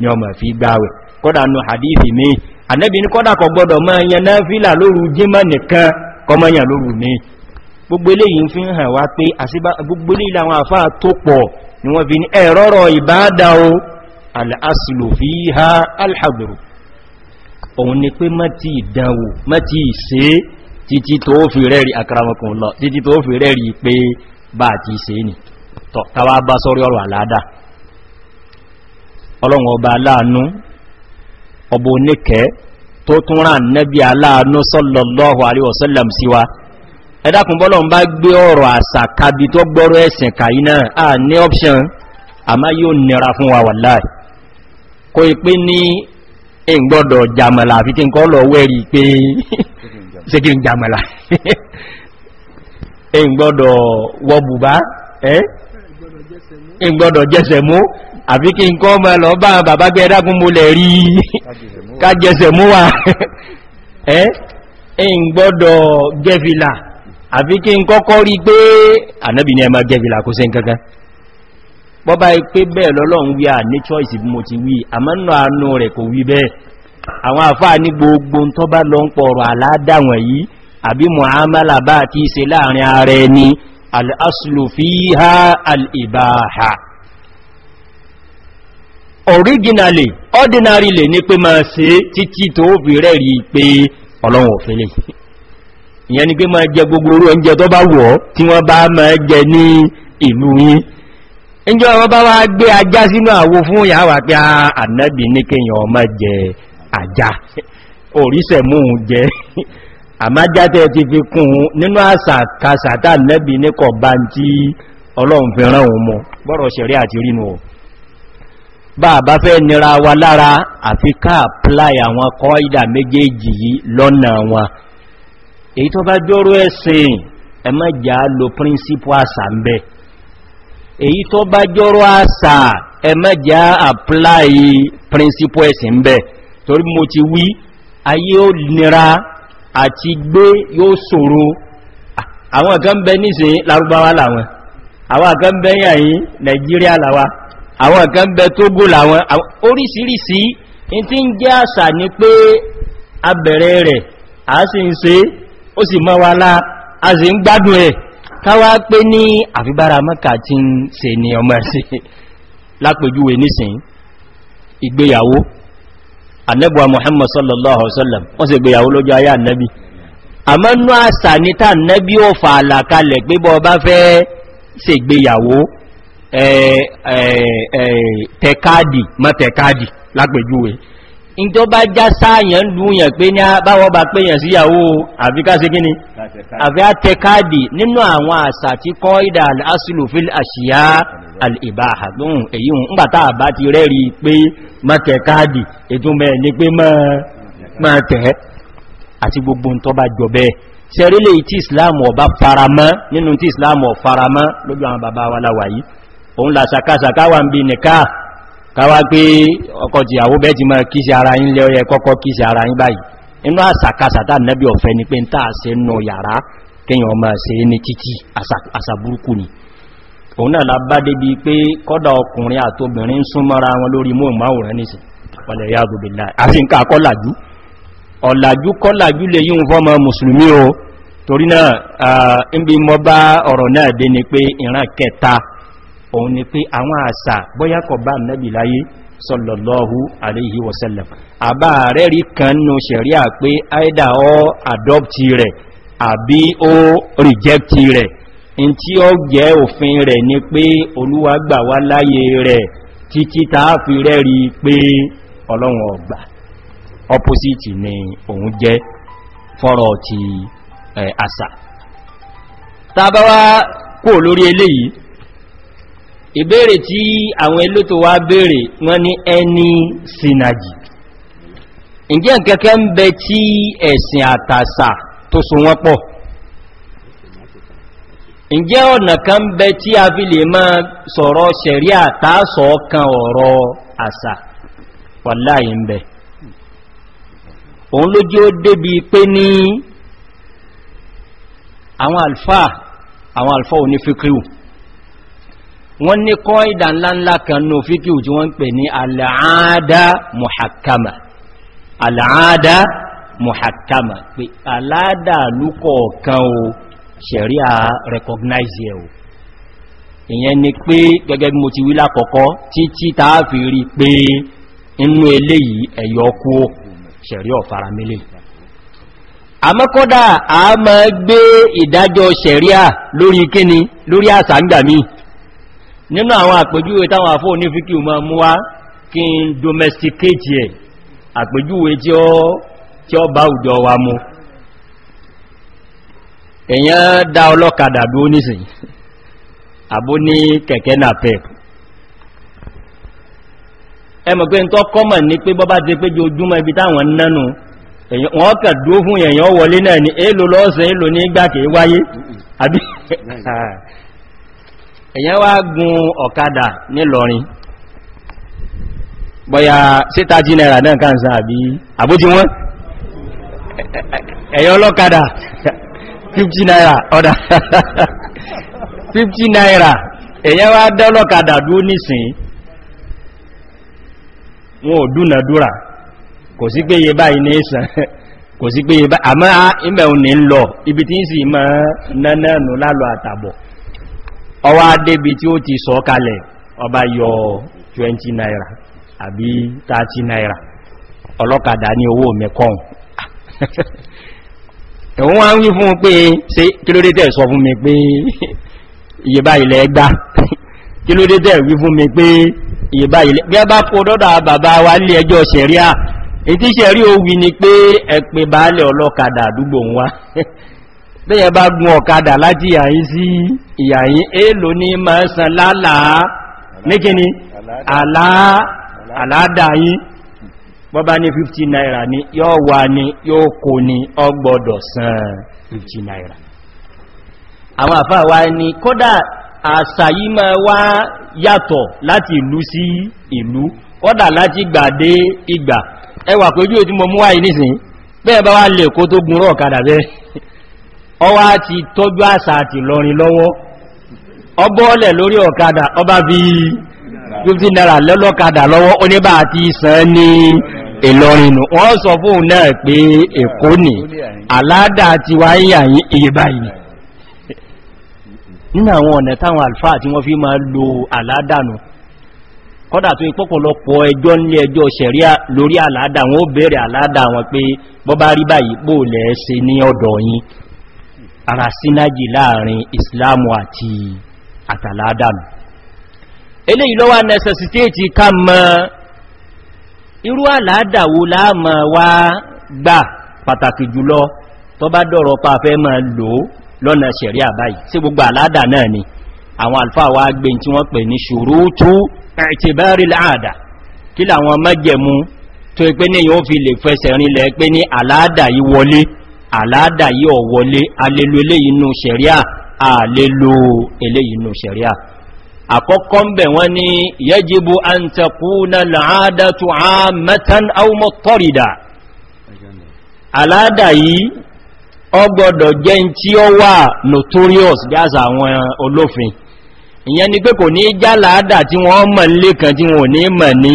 Speaker 1: ni ọmọ fi gbáwẹ̀ kọ́dà nù hadithi mi ànẹ́bì ní kọ́dà kọ gbọ́dọ̀ mọ́ ẹyẹn náà fílà lóru jímọ̀ nìkan kọmọ́yàn lóru mi gbogbo eléyìn fi ń hàn wá pé gbogbo eléyìn àwọn àfáà tó pọ̀ ni wọ́n fi ni pé mọ́ ti ìdánwò mọ́ ti ìṣe títí tó fi rẹ̀rí akaramakun lọ títí tó fi rẹ̀rí pé bá àti ìṣe ni tọ́ tàwà bá sọ́rí ọ̀rọ̀ àládà ọlọ́run ọba aláàánú ọba oníkẹ́ tó tún rán nẹ́bí aláàánú sọ́lọ̀lọ́hù àríwọ̀sọ́lẹ̀m síwá ẹ̀dàkùn bọ́lọ̀ ń bá gbé ọ̀rọ̀ àṣà kabi tó gbọ́rọ̀ ẹ̀sìn kàí náà à ní option àmá yóò nira fún wa wà láì kó ipé ní ìgbọ́dọ̀ jàmàlà àfi tí n kọ́ lọ wẹ́rí pé ṣégin jàmàlà àbí kí n kọ́ mọ́ lọ bá bàbá gbé ẹdágún mo lẹ̀ rí kájẹsẹ̀ mú wà ẹ́ ń gbọ́dọ̀ gẹ́fìlà àbí kí n kọ́kọ́ rí pé ànábì ní ẹmọ gẹ́fìlà kó sẹ́ kankan bọ́bá pé bẹ́ẹ̀ lọ́lọ́run wí à ní choice bí mo ti àbí muhammadu bá ti ṣe láàrin ààrẹ ni al'aslu fi originally ordinary lè ní pé máa ṣe títí tó fi rẹ̀ rí pé ọlọ́run òfin ìyẹn ni pé máa jẹ gbogbo orú oúnjẹ tó bá wọ́ tí wọ́n bá máa jẹ ní ìlú yìí ẹjọ́ wọ́n bá wá gbé ajá sínú àwo fún ìyàwó pé ah, ànábì ní kíyàn ọmọ jẹ ajá orísẹ̀ múhun jẹ àmájátẹ́ ti fi kún nínú àṣà kásàtà ànábì ní kọ̀ bá ń tí ọlọ́run fi rán òun mọ́ bọ́rọ̀ ṣẹ̀rí àti rínú ọ̀ bàbá fẹ́ nira wa lára àfi ká apply àwọn kọ́ ìdà méjèèjì yìí lọ́nà wọn èyí tó bá jọ́rọ ẹ̀sìn ẹmọ́ jà lo príncipù àṣà ń bẹ èyí tó bá jọ́rọ àṣà ẹmọ́ jà apply príncipù ẹ̀sìn ń bẹ torí mo ti wí ayé ó nira àti gbé yóò ṣòro àwọn kan bẹ nísìn lárúbáwá làwọn àwọn kan bẹ yàyìn nàìjíríà làwọn àwọn kan bẹ tó gó làwọn orísìírísí in ti ń jẹ́ àṣà ní pé abẹ̀rẹ̀ rẹ̀ a sì ń se ó sì mọ́ wa lá a sì ń gbádùn ẹ̀ káwà pé ní àfibára mọ́kà ti ń se ní ọmọ ẹ̀sẹ̀ lápẹjúwe nísìn ìgbéyàwó anẹ́bùwa muhammad sallallahu alaihi wasallam wọ́n sì gbéyàwó lójú ayé anẹ́bì àmọ́nú àṣà ní tàà nẹ́bí ò fà àlàkalẹ̀ pé bọ́ tẹ̀káàdì mọ́ tẹ̀káàdì lápẹjúwé in tó bá já sáàyàn lúyàn pé ní báwọ́ bá péyàn síyàwó àfikáṣe gíní àfi àtẹ́káàdì nínú àwọn àṣà tí kọ́ ìdà al'asìlò fil àṣíyá al'ìbáhà lóhun èyí hùn ńgbàtà àbá ti rẹ́rí pé mọ́ tẹ̀káàdì ètùmẹ̀ ní pé mọ́ tẹ̀ àti gbogbo tó bá jọ bẹ́ẹ̀ sẹ́rílẹ̀ tí ìsìláàmù ọba faramọ́ nínú tí ìsìláàmù ọ̀faramọ́ lójú àwọn bàbá wa láwàá yìí òun là sàkásàká wà ń bí nìká káwá pé ọkọ̀ tí àwó bẹ́ẹ̀ ti mọ́ kíṣẹ́ ara yín lẹ́ ọyẹ kọ́kọ́ kíṣẹ́ ara yín báyìí inú àsàkásàtà nẹ́bí ọ̀fẹ́ ni pé ń tàà sí nù yàrá kíyàn ọmọ sí ní títí àsàbúrúkú ni òun náà lábá débi pé kọ́dà o torí náà ń bí mọ́ bá ọ̀rọ̀ náà dé ni pé ìran kẹta òun ni pé àwọn àṣà bóyákọ̀ bá nẹ́bì láyé sọlọ̀lọ́hu àríhí wọ̀sẹ̀lẹ̀ àbá rẹ̀ rí kan nù ṣẹ̀rí à pé aida ọ adọ́pti rẹ̀ àbí ó rìjẹ́pti rẹ̀ in tí ó jẹ́ òfin rẹ̀ ni pé olúwagbà wá láyé rẹ̀ títí táà fi rẹ̀ rí pé ọlọ́run ọgbà opposite ni òun jẹ́ fọ́rọ̀ ti àṣà tàbáwá kò lórí eléyìí ìbéèrè tí àwọn elétò wá béèrè wọ́n ní ẹni sinaji ǹjẹ́ kẹ́kẹ́ ń bẹ tí ẹ̀sìn àtàsà tó so wọ́n pọ̀ ǹjẹ́ ọ̀nà kan ń bẹ tí a fi lè máa sọ̀rọ̀ sẹ̀rí àtàsọ̀ kan ọ̀rọ̀ àsà wàláyé ń bẹ òun ló pe ó débi pé ní àwọn alfa àwọn alfa onífikriu wọ́n ní kọ́ ìdà ńláńlá kan ní òfíkí òjú wọ́n ń pè ní al'ada muhakkama al'ada muhakkama pé al'ada lúkọ̀ kan o ṣẹ̀ríà recognize ẹ̀ o ìyẹn ni pé gẹ́gẹ́ bí mo ti wí lákọ̀ọ́kọ́ títí taa fi rí pé inú eléyìí ẹ̀yọ kú ṣẹ̀rí ọ̀faramílẹ̀ àmọ́kọ́dá a máa gbé ìdájọ́ ṣẹ̀ríà lórí kíni lórí àsàǹgbàmí nínú àwọn àpèjúwe táwọn àfó ní fíkí ma mú wá kí n domesticate ẹ̀ àpèjúwe tí ó bá òjò wa mú èyàn dá ọlọ́kadà bí ó nìsìn àbó ní kẹ̀kẹ́ náà pep ẹmọ̀ pé n tọ́ kọ́mọ̀ ní pé bọ́bá ti pé jojúmọ́ ibi táwọn nánú wọ́n kà dúó fún èyàn wọlé náà ni èlò lọ́ọ̀sẹ̀ èlò ní gbákèé wáyé àbí èyàn wá gun ọ̀kadà nílọrin bọ́yá síta jí náírà náà káàsá àbí àbójí wọ́n ẹ̀yọ́ ọlọ́kadà 50 naira ọ̀dá 50 naira èyàn wá dá ọlọ́kadà dúó nìsìn wọn ò dúnàdúrà kò sí pé yẹ báyìí ní ìsàn kò sí pé yẹ báyìí àmọ́ ìmẹ̀ òní ń lọ ibi ọwá débi tí ó ti sọ kalẹ̀ ọba yọ 20 naira àbí 30 naira ọlọ́kadà ní owó mẹ́kọ̀ún ẹ̀wọ́n wá ń wí fún pé ṣe kílódé tẹ́ sọ fún mi pé ìyẹ̀bá ilẹ̀ ẹgbá kílódé tẹ́ wí fún mi pé ìyẹ̀bá ilẹ̀ bí a bá kó dọ́dà bàbá wa lé ẹjọ́ sẹ̀ríà ètí sẹ̀rí ó wí ni pé ẹ̀pẹ̀ bá lẹ̀ ọlọ́kadà àdúgbò wọn bẹ́yẹ bá gun ọ̀kadà láti ìyàyí sí ìyàyí èèlò ní máa san lálàá mékíní bọ́bá ní 50 naira ni yóò wà ní yóò kò ní ọgbọ̀dọ̀ san 50 naira àwọn àfáà wá ní kódà àṣàyí máa wá yàtọ̀ láti ìlú sí ìlú kódà láti gbà dé ìgbà ẹwà pẹ̀lú ètí mọ̀ mú wáyé nísìn bẹ́ẹ̀ bá wá lè kó tó gun ọ̀kadà bẹ́ẹ̀ ọwá ti tọ́jú àṣà àti lọrin lọ́wọ́ ọbọ́ọ̀lẹ̀ lórí ọ̀kadà ọba bí i 15 naira lọ́lọ́kadà lọ́wọ́ oníbà àti ìsàn ní ìlọrinù wọ́n sọ fún náà pé èkó nì aládà ti tí wọ́n fi kọ́dà tó ìpọ́pọ̀lọpọ̀ ẹjọ́ ní ẹjọ́ sẹ̀ríà lórí aládà wọn ó bèèrè aládà wọn pé bọ́bá rí báyìí pò lẹ́ẹ́ ní ọ̀dọ̀ yìí ara sínájì láàrin islamu àti àtàládàmù eléyìí lọ́wà necessitate ká mọ́ irú àládàwó láàmà wá gbà pàtàkì jùlọ tó bá dọ̀rọ̀ pa fẹ́ mọ́ lò lọ́nà sẹ̀rí àbáyì sí gbogbo àládà náà ni àwọn alfa wa gbé tí wọ́n pè ní ṣòro tó ẹ̀tìbárí láàdà kí làwọn mẹ́jẹ̀mú tó ipé ní yóò fi lè fẹsẹ̀ rinlẹ̀ pé ní àládà yí wọlé àládà yíò wọlé alélo eléyìnú sẹ̀ríà àlélo eléyìnú sẹ̀ríà àkọ́kọ́ ń bẹ̀ wọ́n ni yẹ́jìbò an tẹkúnà láàádá tó á mẹ́tàn áwọ́mọ́ tọ́rìdà àládà yìí ọgbọ̀dọ̀ jẹ́ tí ó wà notorious gáàsà àwọn olófin ìyẹn ni pé kò ní jálàádà tí wọ́n mọ̀ nílé kan tí wọ́n ní mọ̀ ní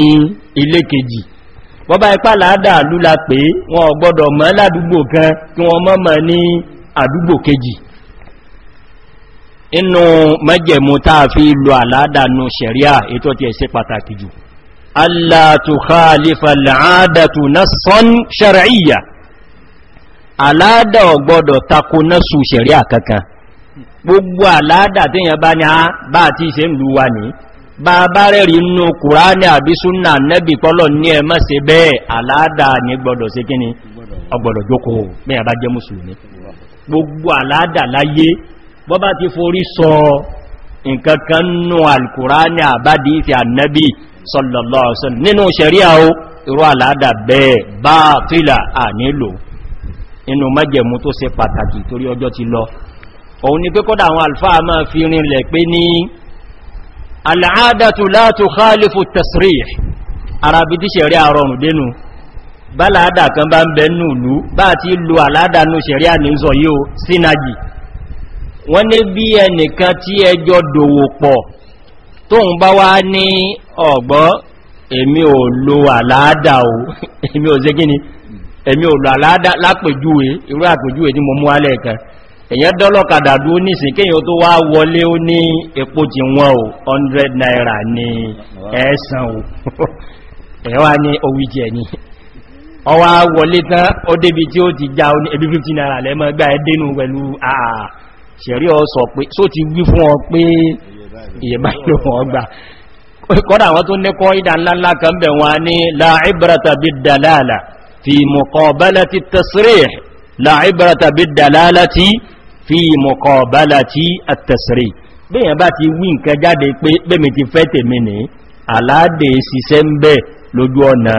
Speaker 1: ilé kejì bọ́bá ipá láàdà lúla pé wọn ọgbọ́dọ̀ mọ́ ládúgbò kan kí wọn mọ́ mọ́ ní àdúgbò kejì inú mẹ́jẹ̀mú táà fi lọ àláàdà nù sẹ̀ríà ètò ti ẹ̀ṣẹ́ pàtàkì jù alátùkálífàlàádàtù násán sẹ̀ríà àláàdà ọgbọ́dọ̀ takò násù sẹ̀ríà kankan gbogbo àláàdà tí yẹn bá ní ah, a bá àti ìṣẹ́ ìlú wa nìí bá bá rẹ̀rí inú kùránì àbí súnà nẹ́bì pọ́lọ̀ ní ẹmọ́ sí bẹ́ẹ̀ aláàdà ní gbọdọ̀ sí kíni ọgbọ̀dọ̀ jókó mẹ́yà bá jẹ́ mùsùlùmí gbogbo aláàdà láyé bọ́ bá ti forí sọ nkankan nù alkùránì àbádì ìfẹ́ ànẹ́bì sọ́lọ̀lọ́ òun ni pé kọ́dà al'adatu la tukhalifu at-tasrih arabi ti sharia rọrùn denu balada kan ba nbe nulu ba ti lu alada nu sharia ni so yi o sinaji wọ́n ní bí ẹnìkan tí ẹjọ́ dòwò pọ̀ tó ń bá wá ní ọ̀gbọ́ èmi lo àláádà o èmi ò ṣe gíní èmi lo àláádà lápèjúwe irú àpèjúwe tí mo mú alẹ́ èyàn dọ́lọ́kadà dúó nìsìn kíyàn tó wá wọlé ó ní epo ti wọ́n o 100 naira ní ẹ̀ẹ́sàn o èyàn wá ní owíjì ẹni ọwá wọlé tán ó débi tí ó ti já ebi 15 naira lẹ́mọ́ gbá ẹdínú pẹ̀lú àà ṣẹ̀rí ọ sọ pé só ti wí fún ọ pé fi mọ̀kọ̀ bala tí àtẹ̀sẹ̀rẹ̀ bíyàn bá ti wí nǹkan jáde pé bẹ́mi ti fẹ́ tèmi ní aláàdè síṣẹ́ ń bẹ́ lójú ọ̀nà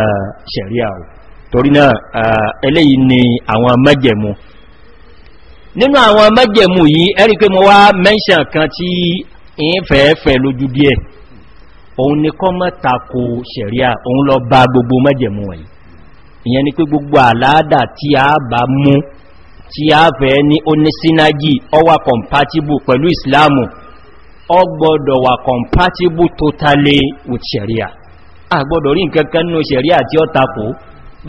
Speaker 1: sẹ̀ríà ò torí náà eléyìí ni àwọn mẹ́jẹ̀mú nínú àwọn mẹ́jẹ̀mú yìí ẹ́rí pé mo wá mẹ́ṣàn kan tí ń fẹ́ẹ̀fẹ́ lójú díẹ̀ òun ni kọ́ mọ́ tako sẹ̀ríà òun lọ bá gbogbo mẹ́jẹ̀mú wọ̀nyí ìyẹn ni pé gbogbo àláàdà tí a bá mú tí a fẹ́ ní ó ní sínájì ọwà compatible pẹ̀lú islamu ọ gbọ́dọ̀ wà compatible totally with sharia a gbọ́dọ̀ rí nkankan ní sharia tí ó takò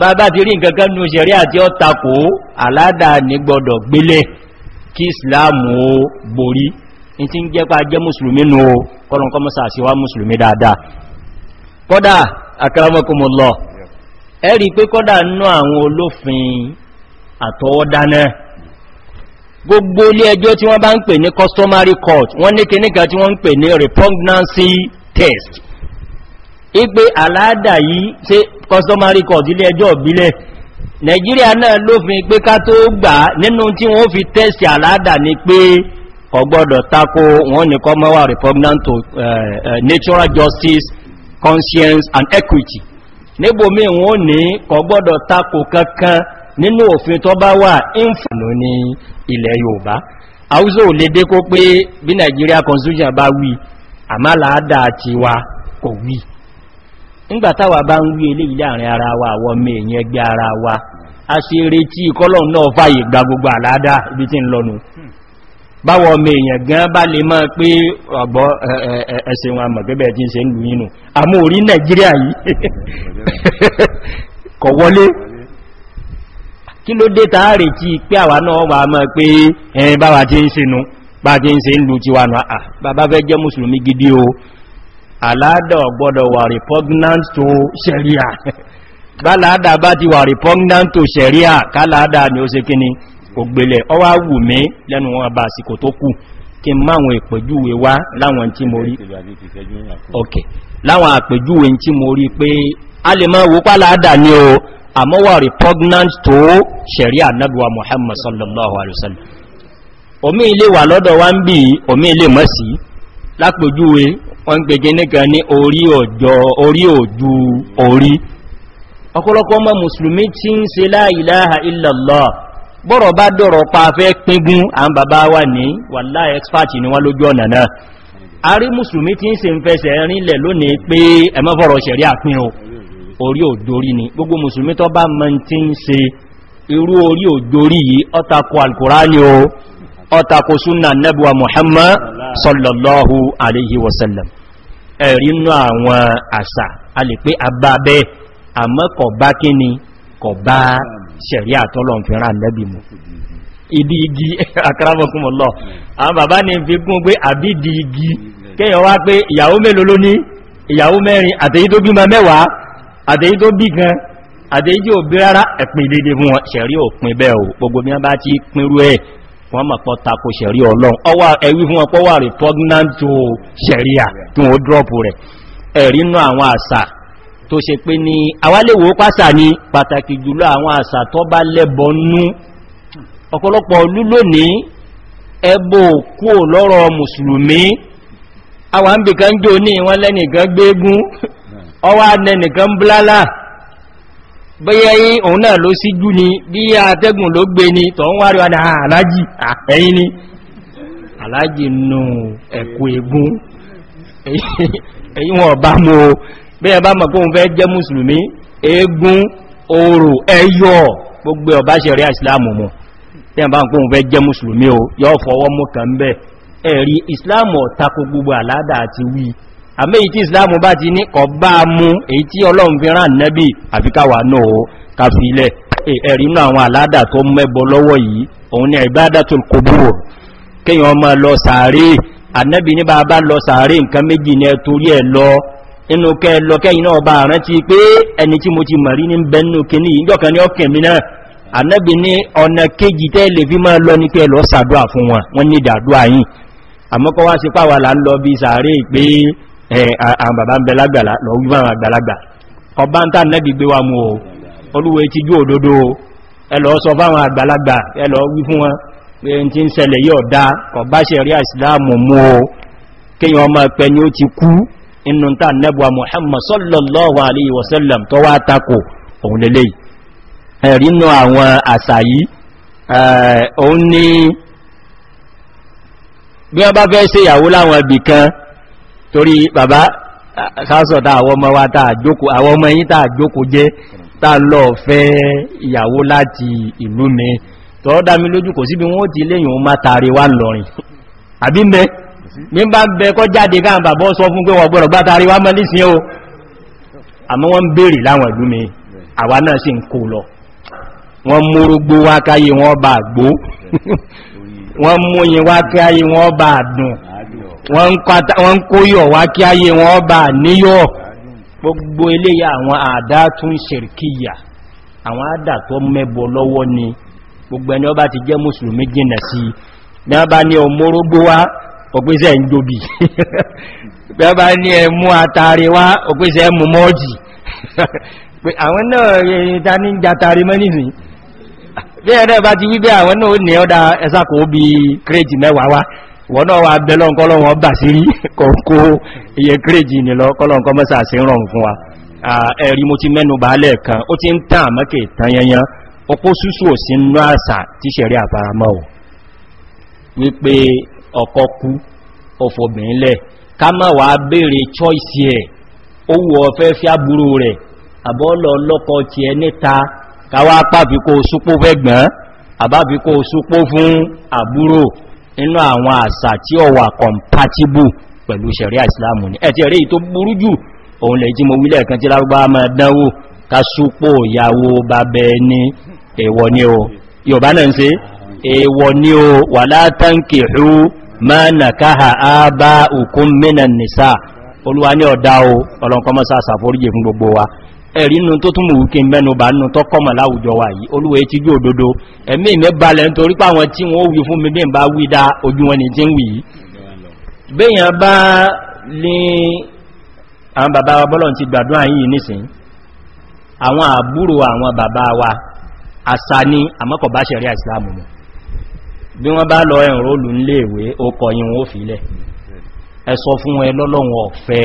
Speaker 1: bàbá ti rí nkankan ní sharia tí ó takò aládà ní gbọ́dọ̀ gbélẹ̀ kí islamu ó borí in ti ń jẹ́ àtọwọ́dáná gbogbo ilé ẹjọ́ tí wọ́n bá ń pè ní customary court wọ́n ní kìníkà tí wọ́n ń pè ní repugnancy test ipé aláàdà yìí ṣe customary court ilé ẹjọ́ ìbílẹ̀ nigeria náà lófin pé ká tó gbà nínú tí wọ́n fi test aláàdà ni pé ọgbọ́dọ̀ tako wọ́n ní kọ́ mọ́wà repugnant to uh, uh, natural justice conscience and equity níbòmí wọ́n ní kọgbọ́dọ̀ tako kankan nínú òfin bá wà ìfànà ní ilẹ̀ yorùbá àwúzò lè pé bí nigeria constitution bá wí àmàlàádà ti wá kò wí nígbàtàwà bá ń wí ilé ilé ara wa àwọn ọmọ èèyàn gbé ara wa a ṣe retí náà fàyè gba gbogbo ibi tí ń lọ́nu báwọn ọmọ èèyàn gan pé ọ̀bọ̀ wọn tí kí ló dé tàà rè tí pé àwà náà wà mọ́ pé ẹ̀yìn báwà tí ń se nú bá tí ń se ń lù ti wà náà bàbá fẹ́ jẹ́ mùsùlùmí gidi o aládọ̀ wà repugnant to sharia bá láàdà bá ti wà repugnant to sharia ká láàdà ni ó se kíni ògbèlẹ̀ ọwá wù mí lẹ́nu wọn bá àsìkò tó kù kí n máwọn ìpẹ̀júwe wá láwọn tí mo rí ok láwọn àpẹ̀júwe tí mo rí pé a lè máa wó pálá dà o àmọ́ wà repugnant tó ṣẹ̀rí ànábíwa muhammad sallallahu alaihi wasallam omi ilé wà lọ́dọ̀ wá ń bí omi ilé mọ́ sí lápòjúwe wọ́n gbẹ̀gẹ́ nìkan ní orí òjò orí òjú orí ọkọ́lọ́kọ́ mọ́ musulmi tí ń se láìláha ìlàlọ́ bọ́rọ̀ bá dọ̀rọ̀ pa fẹ́ píngún àwọn bàbá wà ní wà expert ni wọ́n lójú ọ̀nà náà a rí musulmi tí ń se ń fẹsẹ̀ rinlẹ̀ lónìí pé ẹmọ́fọ́rọ̀ ṣẹ̀rí àpín o orí òdórí ni gbogbo musulmi tó bá mọ́ tí ń se irú orí òdórí yìí ọ́tàkù alkùránì o ọ́tàkù súnà nẹ́bùwa muhammad sallallahu alaihi wasallam ẹ̀rí nú àwọn àṣà a lè ni kọ̀ bá ṣẹ̀rí àtọ́lọ̀nfẹ́ràn nẹ́bì mu ìdí igi àkàràmọ́kúnmọ̀lọ́ àwọn bàbá ni fi gún pé àbí ìdí igi kéèyàn wá ìyàwó mẹ́rin àtèyí tó bímọ mẹ́wàá àtèyí tó bí gan àtèyí tí ò bí rárá ẹ̀pìn dédé fún wọn ṣẹ̀rí òpin bẹ́ẹ̀ ò gbogbo bí wọ́n bá ti pínrú ẹ̀ wọ́n mọ̀ pọ́ tako ṣẹ̀rí ọlọ́run ẹ̀wí fún wọn pọ́ wà repugnant to ṣẹ̀ríà tí wọ́n drop rẹ̀ ẹ̀rí jò ní wọ́n lẹ́nìkan gbégún ọwá nẹnìkan blálà bóyá yí òun náà ló sí jú ni bí i àtẹ́gùn ló gbé ni tọ́ ń wárí wádá ah, alájì àpẹ́yìn ah, ni alájì nù ẹ̀kù egun èyí wọn bá mọ́ bí ẹ bá mọ̀ kóhun fẹ́ jẹ́ mùsùlùmí egun oòrùn ẹyọ gbogbo ọba ṣẹ̀rí àìsìláàmù mọ̀ àmé ìtí islam bá ti ní kọ bá mú èyí tí ọlọ́run fi rán nẹ́bí àfikáwà náà kàfilẹ̀ ẹ̀rínú àwọn aládà tó mẹ́bọ lọ́wọ́ yìí òun ni ìbádà tó kòbúrò kíyàn ọmọ lọ sàárè ànẹ́bí ní bá lọ sàárè nǹkan méjì ní ẹtorí ẹ̀ lọ inú kẹ lọ kẹ́yìn náà bá rán ti pé ẹni tí mo ti mọ̀rí ní bẹnu kìíní ìjọkan ní ọkẹ̀ mi náà ànẹ́bí ní ọ̀nà kéjì tẹ́ lè fi máa lọ ní pé lọ sàdúà fún wọn wọ́n ní ìdàdúà yìí àmọ́kọ́ wá là ń lọ bí sàárè pé àwọn bàbá ń bẹ lágbàlá lọ wíwá àwọn àgbàlagbà ọba ń tà nẹ́bì gbé wa mú o olúwe ti jú òdodo ẹlọ sọ fáwọn àgbàlagbà ẹlọ wí fún wọn pé n ti ń sẹlẹ̀ yóò dá ọba ṣe rí àìsìláàmù mú o kíyàn ọmọ ẹpẹ ni ó ti kú inú tà nẹ́bùwa muhammad sallallahu alayhi wasallam tó wá tako òun lélẹ̀ ẹ̀rínú àwọn àṣà yìí òun ni torí bàbá sásọ̀tà àwọn ọmọ wa tàà jókò àwọn ọmọ yí tàà jókò jẹ́ tàà lọ fẹ́ ìyàwó láti ìlú mi tọ́ dámi lójú kò síbi wọ́n ti léyìn o má tààrí wá lọ́rin àbí mẹ́ mi bá bẹ kọ́ jáde káà bàbọ́ sọ fún pé wọ́n ń kó yọ̀ wá kí ayé wọn bá níyọ̀ gbogbo eléyà àwọn àdá tún ṣèrkíyà àwọn àdá tó mẹ́bọ̀ lọ́wọ́ ni gbogbo ẹni ọba ti jẹ́ mùsùlùmí jìnà sí bí ni, bá ní ọmọrógbó wá ọ̀pẹ́sẹ̀ ń jóbi bí wọ́n bá ẹmú àtàrí wá ọ̀pẹ́sẹ̀ mú mọ́ọ̀jì àwọn náà ta ní wọ́n wà bẹ́lọ́n kọ́lọ́wọ́ bà sí rí kọ̀ọ̀kọ́ iye kírèjì nìlọ kọ́lọ́nkọ́ mọ́sà sí rọrùn fún wa ẹ̀rí mo ti mẹ́nu bá lẹ́ẹ̀kan ó ti ń tàn mọ́kè tanyanyan opó súsù ò sí nú àṣà tí ṣẹ̀rí àfaramọ́ ò wípé ọkọ̀ kú òfòbìnlẹ̀ ká má wà bèèrè súpó fún àbúrò inú àwọn àṣà tí ó wà compatible pẹ̀lú sẹ̀ríà ìsìlámù ní ẹ̀tí ẹ̀rẹ́ ìtó burú jù òun lè jí mo wílẹ̀ kan tí lágbà máa dánwò ká súpò ìyàwó bàbẹ̀ ní èwọ ní o yọ̀bá náà ń se èwọ ní o wà látàǹkì hú mẹ́nà káhà á bá ẹ̀rínú tó túnmù wíkí mẹ́nubà nù tó kọmọ̀ láwùjọ wà yìí olúwẹ̀ ti jú òdodo ẹ̀mí ìmẹ́balẹ̀ nítorí pàwọn tí wọ́n wí fún mi bí n bá wí dá ojú wọn ni tí ń wì yìí bẹ́yàn bá ní àwọn bàbá wa bọ́lọ̀ ti gbàdúrà yìí nìsìn àwọn àbúrò àwọn bàbá wa àṣà ní àmọ́kọ̀ bá ṣẹ̀rí àìsìlámù mọ̀ bí wọ́n bá lọ ẹ̀rọ olùléèwé ó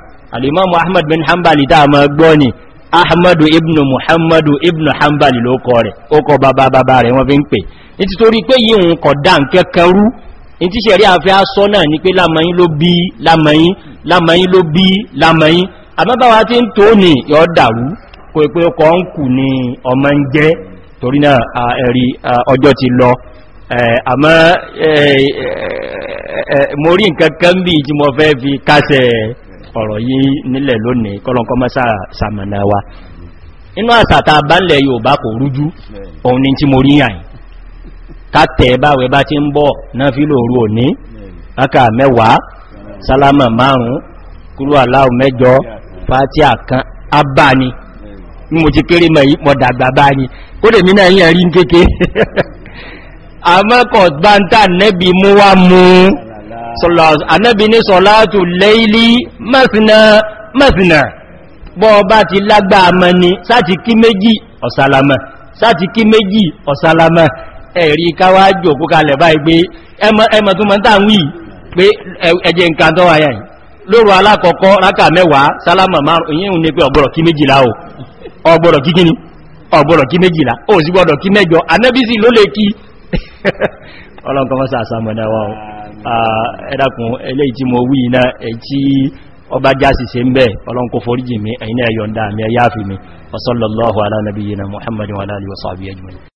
Speaker 1: Alimamu ahmad bin hanbali dáa ma gbọ́ ni ahmadu ibn muhammadu ibn hanbali ló kọ rẹ̀ ó kọ bàbá bàbá rẹ̀ wọ́n fi ń pè ní ti torí pé yíò ń kọ̀ dá nkẹ́kẹrú ní ti ṣẹ̀rí àfẹ́ asọ́ náà ni pé lámọ́yín ló bí lámọ́yín lámọ́yín ló bí lámọ́yín àbábáwá tí ń tó ní yọ dàrú kò pé ọkọ̀ ń kù ní ọmọ ń jẹ́ torí náà ẹ̀rí ọjọ́ ti lọ àmọ́ mo rí nǹkan kan bí tí fẹ́ fi kásẹ̀ ọ̀rọ̀ yìí nílẹ̀ lónìí kọ́lọ̀kọ́ mọ́sá sàmànà wa inú àsàtà bánlẹ̀ yóò bá kò rújú òun ni tí mo rí yàn kátẹ̀ báwẹ bá ti ń bọ̀ náà fílò orú òní aka mẹ́wàá sálámà márùn kúrò aláwọ̀ mẹ́jọ anábi ní sọ̀látù lẹ́ilí mẹ́sìnà bọ́ ọba ti lágbà àmà ni sáti kí méjì ọ̀sálàmà sáti kí méjì ọ̀sálàmà ẹ̀rí káwàájú òkúkalẹ̀ báyìí pé ẹmọ tó mọ́ táwí pé ẹjẹ nǹkan tó wáyà yìí lóòrò alákọ̀ọ́kọ́ rákà mẹ́wàá sálámà márùn-ún yíò ní pé ọgbọ̀rọ̀ kí méjìlá o ọgbọ̀rọ̀ kí kíni ọgbọ̀rọ̀ kí méjìlá o sì gbọ́dọ̀ kí mẹ́jọ anẹ́bísì ló lè kí ọlọ́nkọ́ mọ́sà àsàmọ̀dáwà o ẹ̀dàkùn eléyìí tí mo wí iná ẹ̀tí ọba jásì se ń bẹ́ ọlọ́nkó foríjì mi ẹ̀yìn ẹ̀yọ̀ndà mi ẹ̀yáfì mi wasallallahu ala nabiyyina muhammadin wa alihi wa